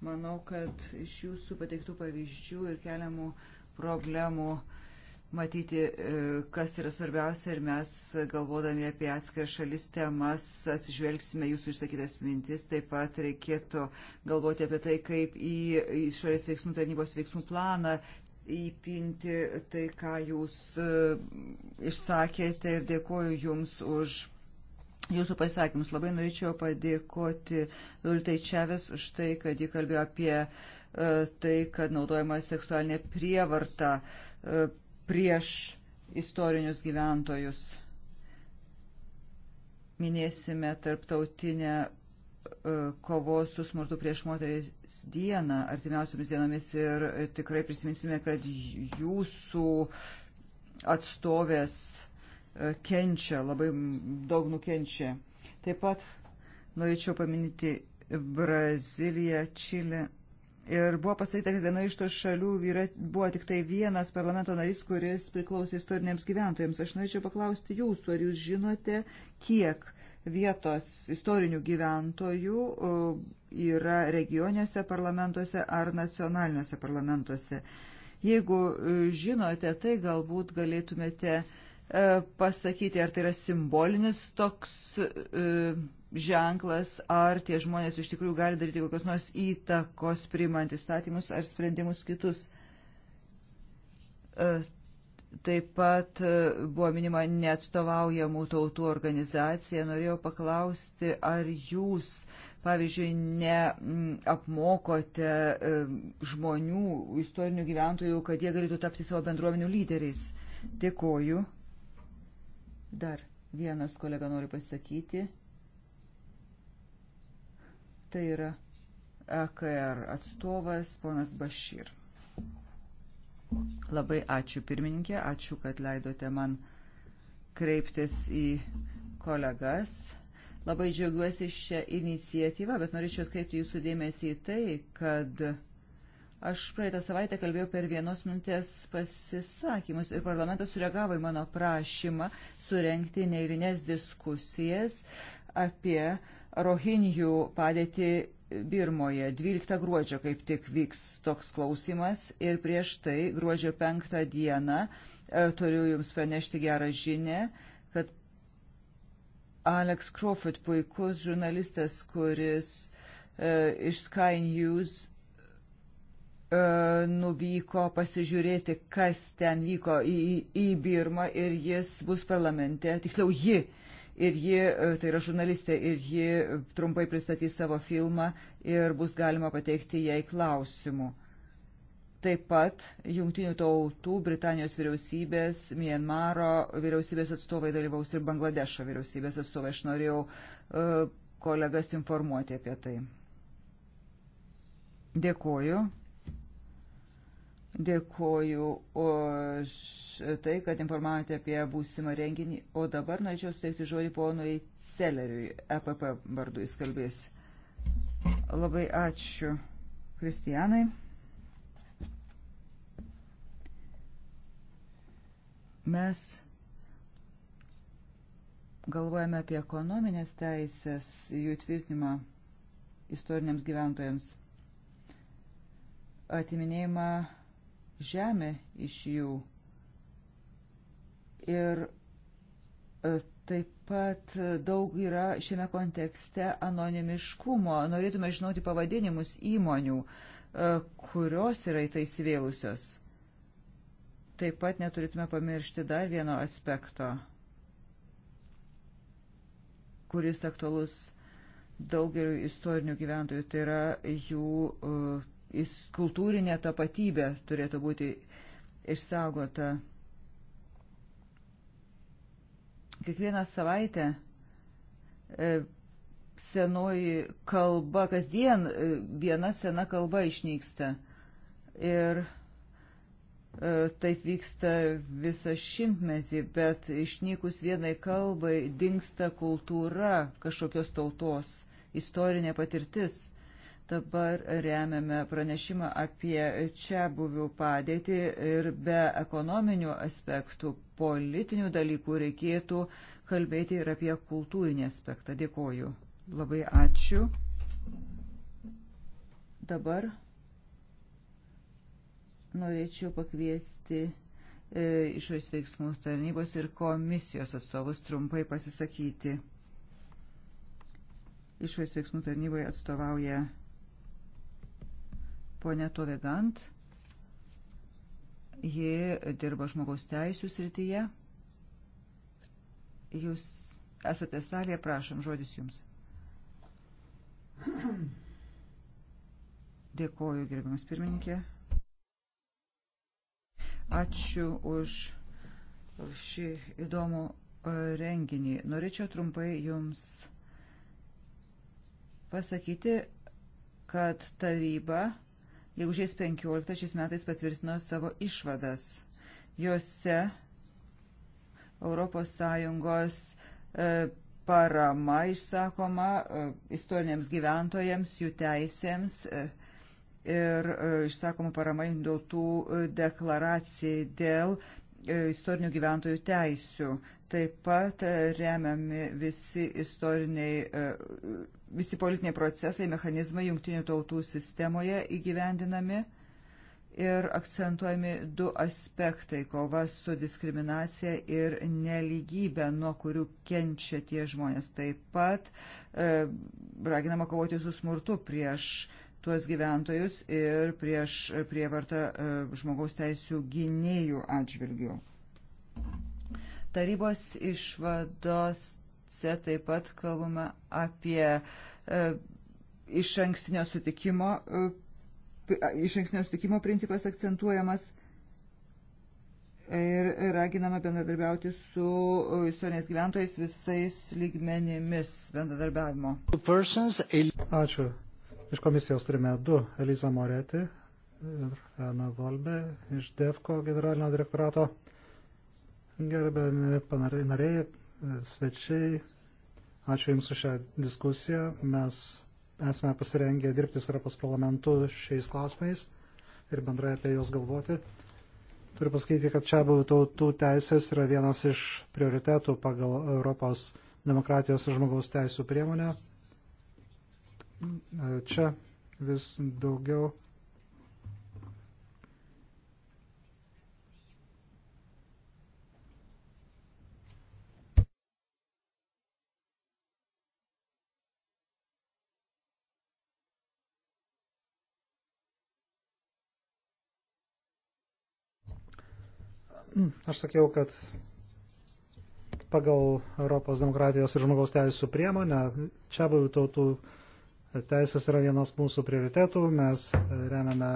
Manau, kad iš Jūsų pateiktų pavyzdžių ir keliamų problemų uh, matyti, e, kas yra svarbiausia ir mes, galvodami apie atskiras šalis temas, atsižvelgsime jūsų išsakytas mintis. Taip pat reikėtų galvoti apie tai, kaip į išorės veiksmų tarnybos veiksmų planą įpinti tai, ką jūs e, išsakėte ir dėkoju jums už jūsų pasakymus. Labai norėčiau padėkoti Lultai Čiavės už tai, kad ji kalbėjo apie e, tai, kad naudojama seksualinė prievarta prieš istorinius gyventojus. Minėsime tarptautinę e, kovos su smurtu prieš moteris dieną, artimiausiamis dienomis ir tikrai prisiminsime, kad jūsų atstovės e, kenčia, labai daug nukenčia. Taip pat norėčiau paminėti Braziliją, Čilę, Ir buvo pasakyta, kad viena iš tos šalių vyra, buvo tik tai vienas parlamento narys, kuris priklausė istoriniams gyventojams. Aš norėčiau paklausti jūsų, ar jūs žinote, kiek vietos istorinių gyventojų yra regioniuose parlamentuose ar nacionaliniuose parlamentuose. Jeigu e, žinote, tai galbūt galėtumėte e, pasakyti, ar tai yra simbolinis toks e, ženklas, ar tie žmonės iš tikrųjų gali daryti kokios nors įtakos priimant įstatymus ar sprendimus kitus. E, taip pat e, buvo minima neatstovaujamų tautų organizacija. Norėjau paklausti, ar jūs, pavyzdžiui, neapmokote e, žmonių, istorinių gyventojų, kad jie galėtų tapti savo bendruomenių lyderiais. Dėkoju. Dar vienas kolega nori pasakyti. Tai yra EKR atstovas ponas Bašyr. Labai ačiū pirmininkė, ačiū, kad leidote man kreiptis į kolegas. Labai džiaugiuosi šią iniciatyvą, bet norėčiau atkreipti jūsų dėmesį į tai, kad aš praeitą savaitę kalbėjau per vienos minutės pasisakymus ir parlamentas sureagavo į mano prašymą surenkti neįrinės diskusijas apie uh, Rohinijų padėtį Birmoje. 12 gruodžio kaip tik vyks toks klausimas ir prieš tai gruodžio 5 dieną e, turiu Jums pranešti gerą žinę, kad Alex Crawford, puikus žurnalistas, kuris e, iš Sky News e, nuvyko pasižiūrėti, kas ten vyko į, į Birmą ir jis bus parlamente, tiksliau ji ir ji, e, tai yra žurnalistė, ir ji trumpai pristatys savo filmą ir bus galima pateikti jai klausimų. Taip pat Jungtinių tautų, Britanijos vyriausybės, Mienmaro vyriausybės atstovai dalyvaus ir Bangladešo vyriausybės atstovai. Aš norėjau e, kolegas informuoti apie tai. Dėkoju. Dėkoju už tai, kad informavote apie būsimą renginį. O dabar norėčiau suteikti žodį ponui Celeriui, EPP vardu jis kalbės. Labai ačiū, Kristijanai. Mes galvojame apie ekonominės teisės, jų tvirtinimą istoriniams gyventojams, atiminėjimą žemę iš jų. Ir e, taip pat daug yra šiame kontekste anonimiškumo. Norėtume žinoti pavadinimus įmonių, e, kurios yra į tai įsivėlusios. Taip pat neturėtume pamiršti dar vieno aspekto, kuris aktualus daugeliu istorinių gyventojų, tai yra jų uh, kultūrinė tapatybė turėtų būti išsaugota. Kiekvieną savaitę e, senoji kalba, kasdien e, viena sena kalba išnyksta. Ir e, taip vyksta visą šimtmetį, bet išnykus vienai kalbai dinksta kultūra kažkokios tautos, istorinė patirtis. Dabar remiame pranešimą apie čia buvių padėtį ir be ekonominių aspektų, politinių dalykų reikėtų kalbėti ir apie kultūrinį aspektą. Dėkoju. Labai ačiū. Dabar norėčiau pakviesti e, išorės veiksmų tarnybos ir komisijos atstovus trumpai pasisakyti. Išorės veiksmų tarnyboje atstovauja Pone Tovegant, ji dirba žmogaus teisų srityje. Jūs esate salėje, prašom, žodis jums. Dėkoju, gerbiamas pirmininkė. Ačiū už šį įdomų e, renginį. Norėčiau trumpai jums pasakyti, kad taryba gegužės 15 šiais metais patvirtino savo išvadas. Jose ES e, parama išsakoma e, istoriniams gyventojams, jų teisėms e, ir išsakoma parama indultų deklaracijai dėl E, istorinių gyventojų teisių. Taip pat e, remiami visi istoriniai, e, visi politiniai procesai, mechanizmai jungtinių tautų sistemoje įgyvendinami ir akcentuojami du aspektai - kova su diskriminacija ir neligybė, nuo kurių kenčia tie žmonės. Taip pat e, raginama kovoti su smurtu prieš tuos gyventojus ir prieš prievartą e, žmogaus teisų gynėjų atžvilgių. Tarybos išvadose taip pat kalbama apie e, iš ankstinio sutikimo, e, iš ankstinio sutikimo principas akcentuojamas ir raginama bendradarbiauti su visuomenės gyventojais visais lygmenimis bendradarbiavimo. Ačiū. Iš komisijos turime du - Eliza Moreti ir Ana Volbe iš DEFCO generalinio direktorato. Gerbiami nariai, svečiai, ačiū Jums už šią diskusiją. Mes esame pasirengę dirbti su Europos parlamentu šiais klausimais ir bendrai apie juos galvoti. Turiu pasakyti, kad čia buvų tautų teisės yra vienas iš prioritetų pagal Europos demokratijos ir žmogaus teisų priemonę čia vis daugiau aš sakiau, kad pagal Europos demokratijos ir žmogaus teisų priemonę čia buvų tautų Teisės yra vienas mūsų prioritetų. Mes remiame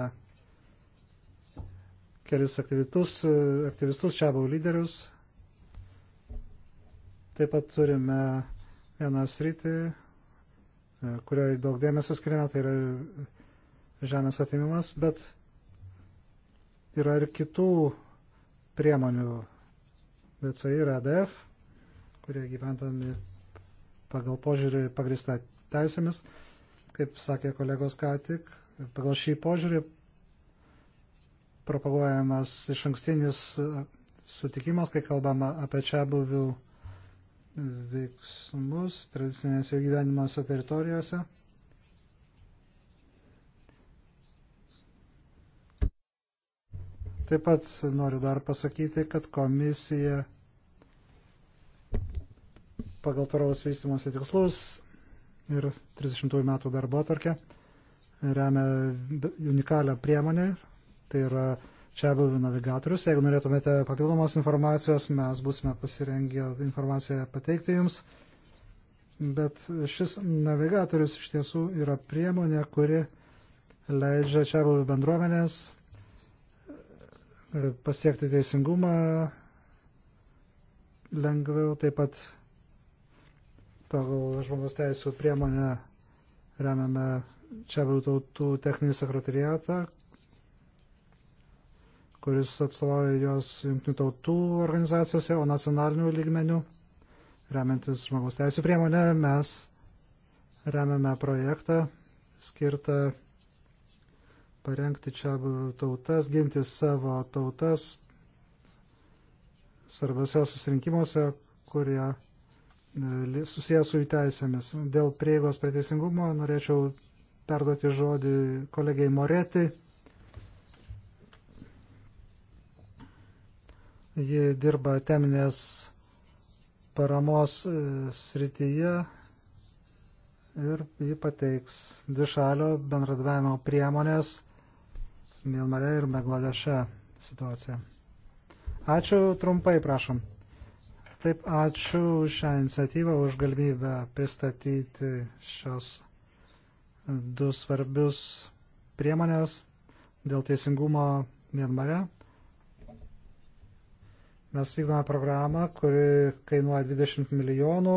kelis aktyvitus, aktyvistus čia buvau lyderius. Taip pat turime vieną sritį, kurioje daug dėmesio skiriame, tai yra žemės atimimas, bet yra ir kitų priemonių BCI ir ADF, e kurie gyventami pagal požiūrį pagristą teisėmis kaip sakė kolegos ką tik, pagal šį požiūrį propaguojamas iš ankstinis e, sutikimas, kai kalbama apie čia buvių veiksmus tradicinėse gyvenimuose teritorijose. Taip pat noriu dar pasakyti, kad komisija pagal tvaraus vystimosi tikslus ir 30 metų darbo atvarkę remia unikalią priemonę, tai yra čia buvių navigatorius. Jeigu norėtumėte papildomos informacijos, mes busime pasirengę informaciją pateikti jums. Bet šis navigatorius iš tiesų yra priemonė, kuri leidžia čia buvių bendruomenės e, pasiekti teisingumą lengviau, taip pat pagal žmogaus teisų priemonę remiame čia tautų techninį sekretariatą, kuris atstovauja juos jungtinių tautų organizacijose, o nacionalinių lygmenių, remiantis žmogaus teisų priemonę, mes remiame projektą skirtą parengti čia tautas, ginti savo tautas svarbiose susirinkimuose, kurie E, susijęs su jų teisėmis. Dėl prieigos prie teisingumo norėčiau perduoti žodį kolegiai Moretai. Ji dirba teminės paramos e, srityje ir ji pateiks dvišalio bendradavimo priemonės Milmare ir Bangladeše situaciją. Ačiū trumpai, prašom. Taip, ačiū už šią iniciatyvą, už galimybę pristatyti šios du svarbius priemonės dėl teisingumo Mienmare. Mes vykdome programą, kuri kainuoja 20 milijonų,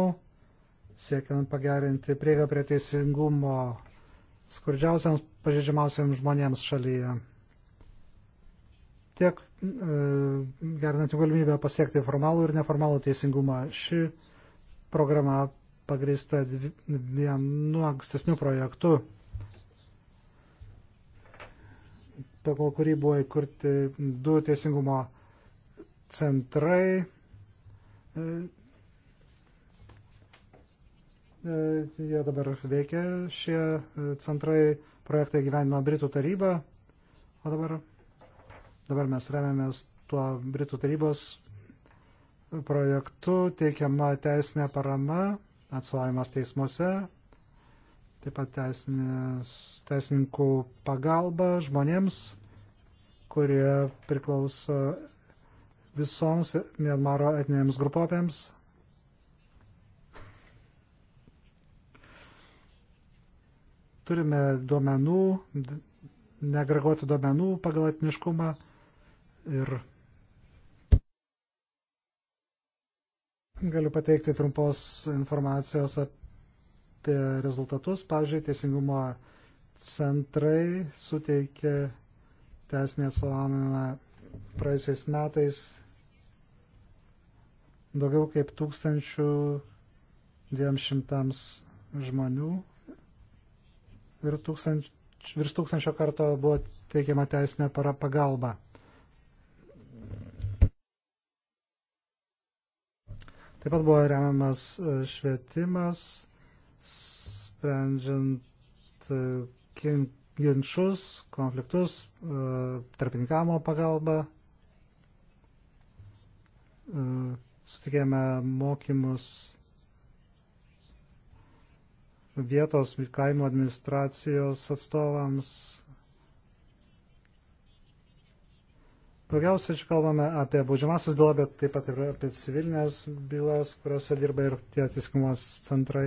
siekiant pagerinti prieigą prie teisingumo skurdžiausiams, pažeidžiamiausiams žmonėms šalyje. Tiek E, gerinant jų galimybę pasiekti formalų ir neformalų teisingumą. Ši programa pagrįsta vienu ankstesniu projektu, pagal kurį buvo įkurti du teisingumo centrai. E, e, jie dabar veikia šie centrai, projektai gyvenimo Britų taryba, o dabar Dabar mes remiamės tuo Britų tarybos projektu, teikiama teisinė parama, atsovavimas teismuose, taip pat teisinės, teisininkų pagalba žmonėms, kurie priklauso visoms Mianmaro etinėms grupopėms. Turime duomenų, negreguotų duomenų pagal etniškumą ir galiu pateikti trumpos informacijos apie rezultatus. Pavyzdžiui, teisingumo centrai suteikė teisinį atstovavimą praėjusiais metais daugiau kaip 1200 žmonių ir tūkstanč, virš tūkstančio karto buvo teikiama teisinė pagalba. Taip pat buvo remiamas e, švietimas, sprendžiant e, ginčius, konfliktus, e, tarpininkamo pagalba. Sutikėjome mokymus vietos kaimo administracijos atstovams, Daugiausia čia kalbame apie baudžiamasis bylą, bet taip pat ir apie civilinės bylas, kuriuose dirba ir tie teisingumos centrai.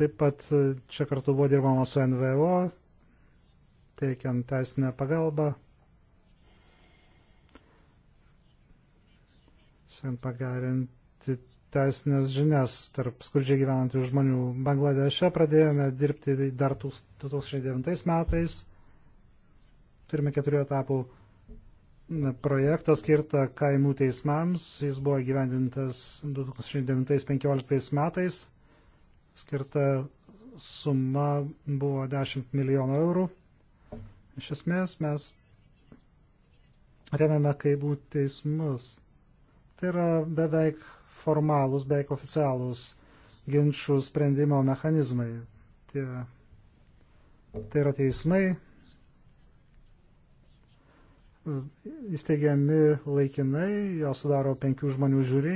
Taip pat čia kartu buvo dirbama su NVO, teikiant teisinę pagalbą, siekiant pagerinti teisinės žinias tarp skurdžiai gyvenančių žmonių. Bangladeše pradėjome dirbti dar 2009 metais Turime keturių etapų projektą skirtą kaimų teismams. Jis buvo gyvendintas 2009-2015 metais. Skirta suma buvo 10 milijonų eurų. Iš esmės mes remiame kaimų teismus. Tai yra beveik formalūs, beveik oficialūs ginčių sprendimo mechanizmai. Tai, tai yra teismai, įsteigiami laikinai, jo sudaro penkių žmonių žiūri.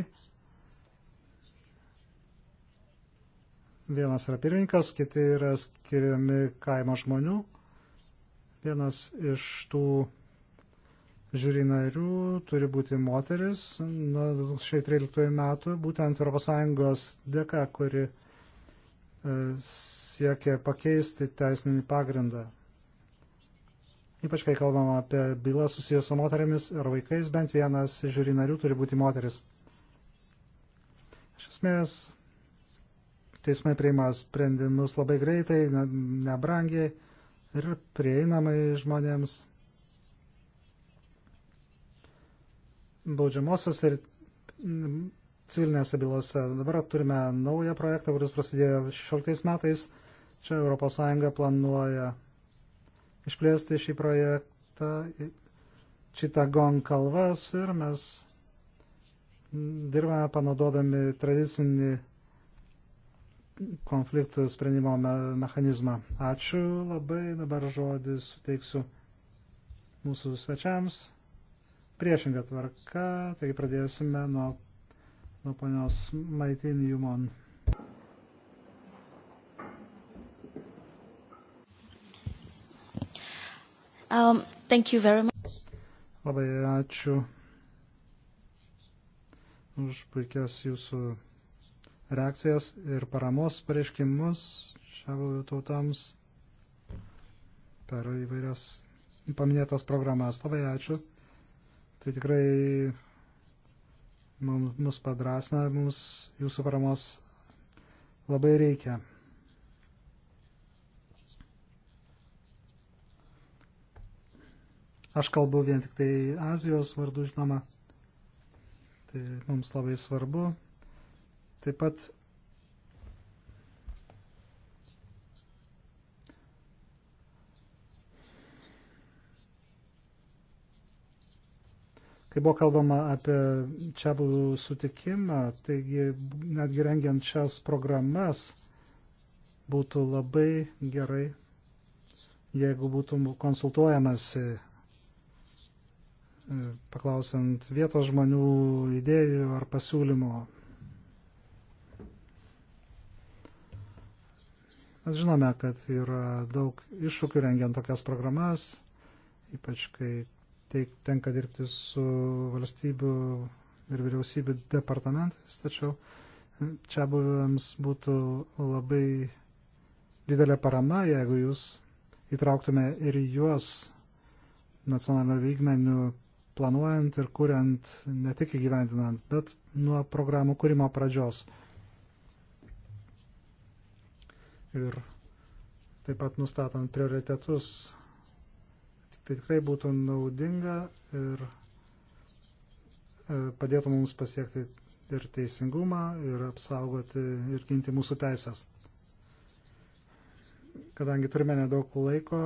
Vienas yra pirmininkas, kiti yra skiriami kaimo žmonių. Vienas iš tų žiūri narių turi būti moteris nuo 2013 metų, būtent ES dėka, kuri e, siekia pakeisti teisinį pagrindą. Ypač kai kalbam apie bylas susijęs su moteriamis ar vaikais, bent vienas žiūri narių turi būti moteris. Iš esmės, teismai priima sprendimus labai greitai, nebrangiai ir prieinamai žmonėms. Baudžiamosios ir civilinėse bylose. Dabar turime naują projektą, kuris prasidėjo 16 metais. Čia ES planuoja išplėsti šį projektą Čitagon kalvas ir mes dirbame panaudodami tradicinį konfliktų sprendimo me mechanizmą. Ačiū labai, dabar žodį suteiksiu mūsų svečiams. Priešinga tvarka, taigi pradėsime nuo, nuo ponios Maitin Jumon. Um, thank you very much. Labai ačiū už puikias jūsų reakcijas ir paramos pareiškimus šiavų tautams per įvairias paminėtas programas. Labai ačiū. Tai tikrai mums, mus padrasna, mums jūsų paramos labai reikia. Aš kalbu vien tik tai Azijos vardu, žinoma. Tai mums labai svarbu. Taip pat kai buvo kalbama apie čia buvų sutikimą, taigi netgi rengiant šias programas būtų labai gerai, jeigu būtų konsultuojamasi paklausant vietos žmonių idėjų ar pasiūlymų. Mes žinome, kad yra daug iššūkių rengiant tokias programas, ypač kai teik, tenka dirbti su valstybių ir vyriausybių departamentais, tačiau čia buvėms būtų labai didelė parama, jeigu jūs įtrauktume ir juos nacionalinio lygmenių planuojant ir kuriant, ne tik įgyvendinant, bet nuo programų kūrimo pradžios. Ir taip pat nustatant prioritetus, tai tikrai būtų naudinga ir e, padėtų mums pasiekti ir teisingumą, ir apsaugoti, ir ginti mūsų teisės. Kadangi turime nedaug laiko,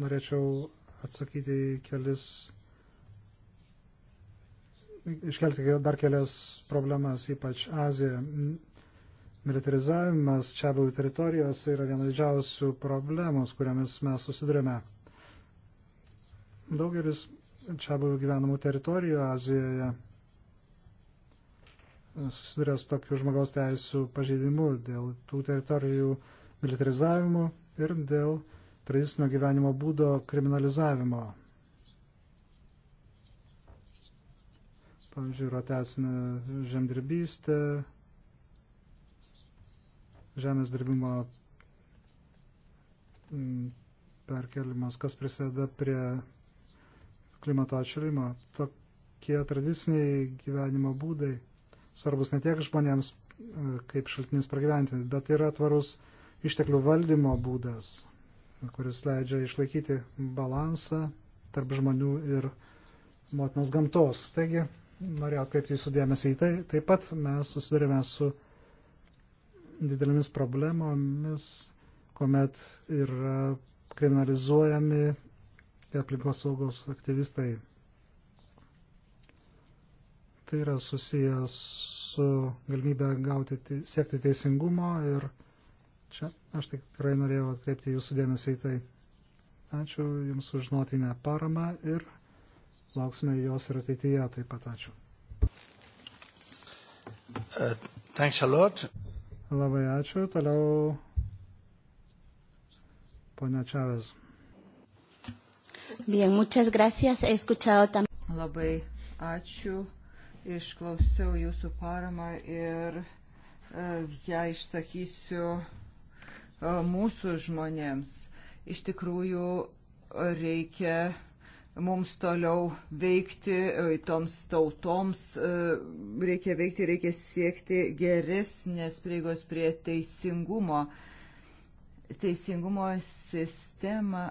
norėčiau atsakyti į kelis iškelti dar kelias problemas, ypač Azija. Militarizavimas čia buvų teritorijos yra viena didžiausių problemų, su kuriamis mes susidurėme. Daugelis čia buvų gyvenamų teritorijų Azijoje e, susiduria su tokiu žmogaus teisų pažeidimu dėl tų teritorijų militarizavimo ir dėl tradicinio gyvenimo būdo kriminalizavimo. pavyzdžiui, rotacinė žemdirbystė, žemės dirbimo mm, perkelimas, kas prisėda prie klimato atšilimo. Tokie tradiciniai gyvenimo būdai svarbus ne tiek žmonėms e, kaip šaltinis pragyventi, bet yra tvarus išteklių valdymo būdas, kuris leidžia išlaikyti balansą tarp žmonių ir motinos gamtos. Taigi, norėjau atkreipti jūsų dėmesį į tai. Taip pat mes susidurime su didelėmis problemomis, kuomet yra kriminalizuojami aplinkos saugos aktyvistai. Tai yra susijęs su galimybė gauti, siekti teisingumo ir čia aš tikrai norėjau atkreipti jūsų dėmesį į tai. Ačiū Jums už nuotinę paramą ir lauksime jos ir ateityje taip pat. Ačiū. Uh, thanks a lot. Labai ačiū. Toliau ponia Čavės. Bien, muchas gracias. He escuchado también. Labai ačiū. Išklausiau jūsų paramą ir uh, ją išsakysiu uh, mūsų žmonėms. Iš tikrųjų, reikia mums toliau veikti, e, toms tautoms e, reikia veikti, reikia siekti geresnės prieigos prie teisingumo. Teisingumo sistemą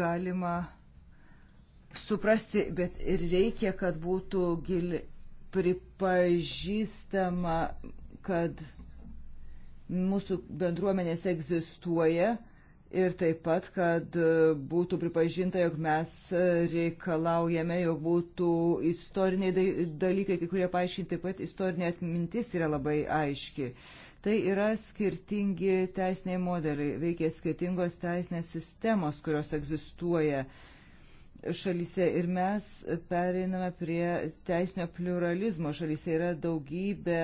galima suprasti, bet ir reikia, kad būtų gili pripažįstama, kad mūsų bendruomenės egzistuoja ir taip pat, kad būtų pripažinta, jog mes reikalaujame, jog būtų istoriniai dalykai, kai kurie paaiškinti, taip pat istorinė atmintis yra labai aiški. Tai yra skirtingi teisiniai modeliai, veikia skirtingos teisinės sistemos, kurios egzistuoja šalyse ir mes pereiname prie teisinio pluralizmo. Šalyse yra daugybė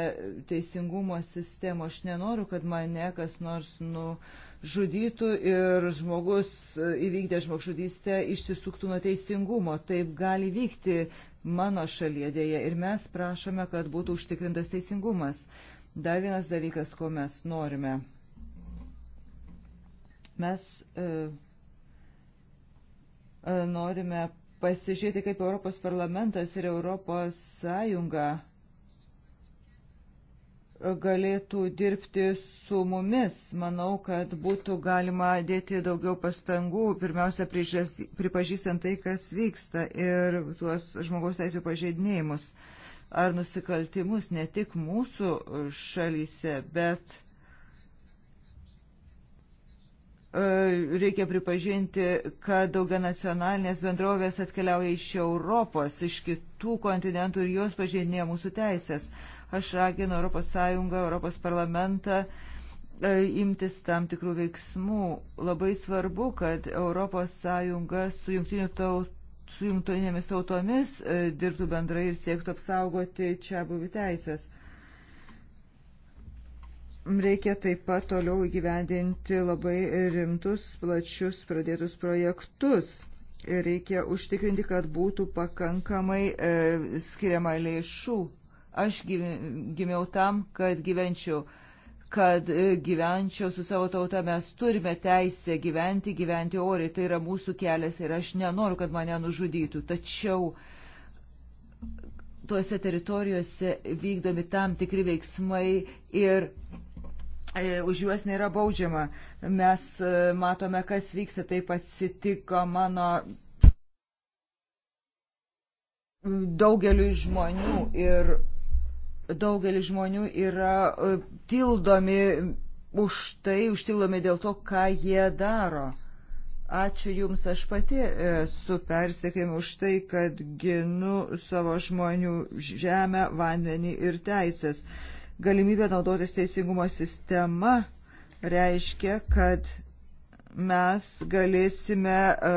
teisingumo sistemų. Aš nenoriu, kad mane kas nors nu, uh, žudytų ir žmogus e, įvykdė žmogžudystę išsisuktų nuo teisingumo. Taip gali vykti mano šalyje dėje ir mes prašome, kad būtų užtikrintas teisingumas. Dar vienas dalykas, ko mes norime. Mes e, e norime pasižiūrėti, kaip Europos parlamentas ir Europos sąjunga galėtų dirbti su mumis. Manau, kad būtų galima dėti daugiau pastangų, pirmiausia, pripažįstant tai, kas vyksta ir tuos žmogaus teisų pažeidinėjimus ar nusikaltimus ne tik mūsų šalyse, bet e, reikia pripažinti, kad daugia nacionalinės bendrovės atkeliauja iš Europos, iš kitų kontinentų ir jos pažeidinėja mūsų teisės. Aš raginu ES, ES parlamentą e, imtis tam tikrų veiksmų. Labai svarbu, kad ES su jungtiniu tautu su jungtinėmis tautomis e, dirbtų bendrai ir siektų apsaugoti čia buvių teisės. Reikia taip pat toliau įgyvendinti labai rimtus, plačius pradėtus projektus. Reikia užtikrinti, kad būtų pakankamai e, skiriama lėšų Aš gimiau tam, kad gyvenčiau, kad e, gyvenčiau su savo tauta. Mes turime teisę gyventi, gyventi oriai. Tai yra mūsų kelias ir aš nenoriu, kad mane nužudytų. Tačiau tuose teritorijose vykdomi tam tikri veiksmai ir e, už juos nėra baudžiama. Mes e, matome, kas vyksta, taip atsitiko mano daugeliu žmonių ir daugelis žmonių yra e, tildomi už tai, užtildomi dėl to, ką jie daro. Ačiū Jums, aš pati esu persekėjama už tai, kad ginu savo žmonių žemę, vandenį ir teisės. Galimybė naudotis teisingumo sistema reiškia, kad mes galėsime e,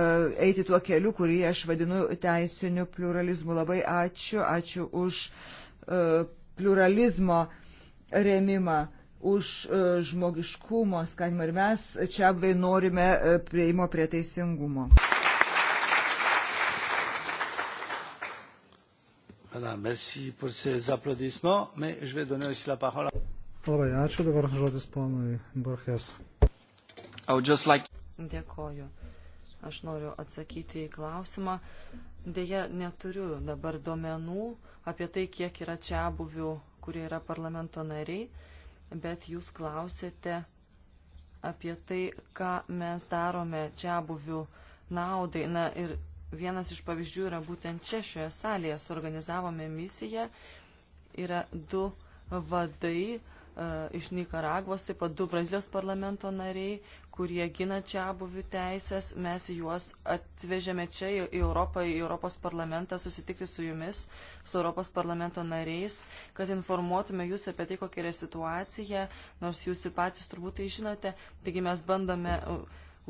eiti tuo keliu, kurį aš vadinu teisiniu pluralizmu. Labai ačiū, ačiū už e, pluralizmo remimą, už e, žmogiškumo skatimą ir mes čia apvai norime e, prieimo prie teisingumo. Madame, merci pour ces applaudissements, mais je vais donner aussi la parole à... Labai ačiū, dabar žodis ponui Borges. Like... Dėkoju. Aš noriu atsakyti į klausimą. Deja, neturiu dabar duomenų apie tai, kiek yra čia buvių, kurie yra parlamento nariai, bet jūs klausėte apie tai, ką mes darome čia buvių naudai. Na ir vienas iš pavyzdžių yra būtent čia šioje salėje. Suorganizavome misiją. Yra du vadai E, iš Nikaragvos, taip pat du Brazilijos parlamento nariai, kurie gina čia buvių teisės. Mes juos atvežėme čia į Europą, į Europos parlamentą susitikti su jumis, su Europos parlamento nariais, kad informuotume jūs apie tai, kokia yra situacija, nors jūs ir patys turbūt tai žinote. Taigi mes bandome e,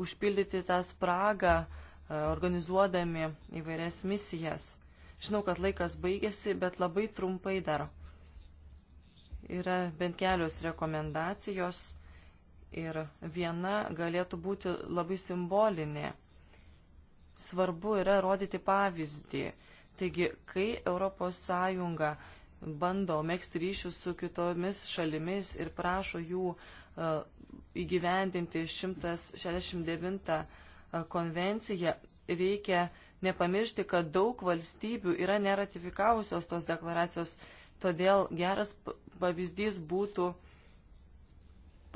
užpildyti tą spragą, e, organizuodami įvairias misijas. Žinau, kad laikas baigėsi, bet labai trumpai dar Yra bent kelios rekomendacijos ir viena galėtų būti labai simbolinė. Svarbu yra rodyti pavyzdį. Taigi, kai ES bando mėgsti ryšius su kitomis šalimis ir prašo jų uh, įgyvendinti 169 e, konvenciją, reikia nepamiršti, kad daug valstybių yra neratifikavusios tos deklaracijos, todėl geras pavyzdys būtų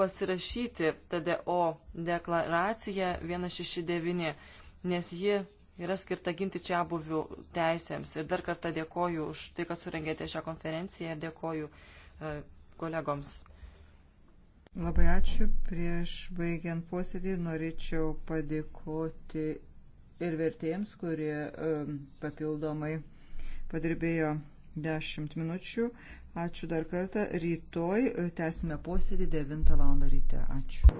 pasirašyti TDO deklaraciją 169, nes ji yra skirta ginti čia buvių teisėms. Ir dar kartą dėkoju už tai, kad surengėte šią konferenciją ir dėkoju e, kolegoms. Labai ačiū. Prieš baigiant posėdį norėčiau padėkoti ir vertėjams, kurie e, papildomai padirbėjo 10 minučių. Ačiū dar kartą. Rytoj e, tęsime posėdį 9 val. ryte. Ačiū.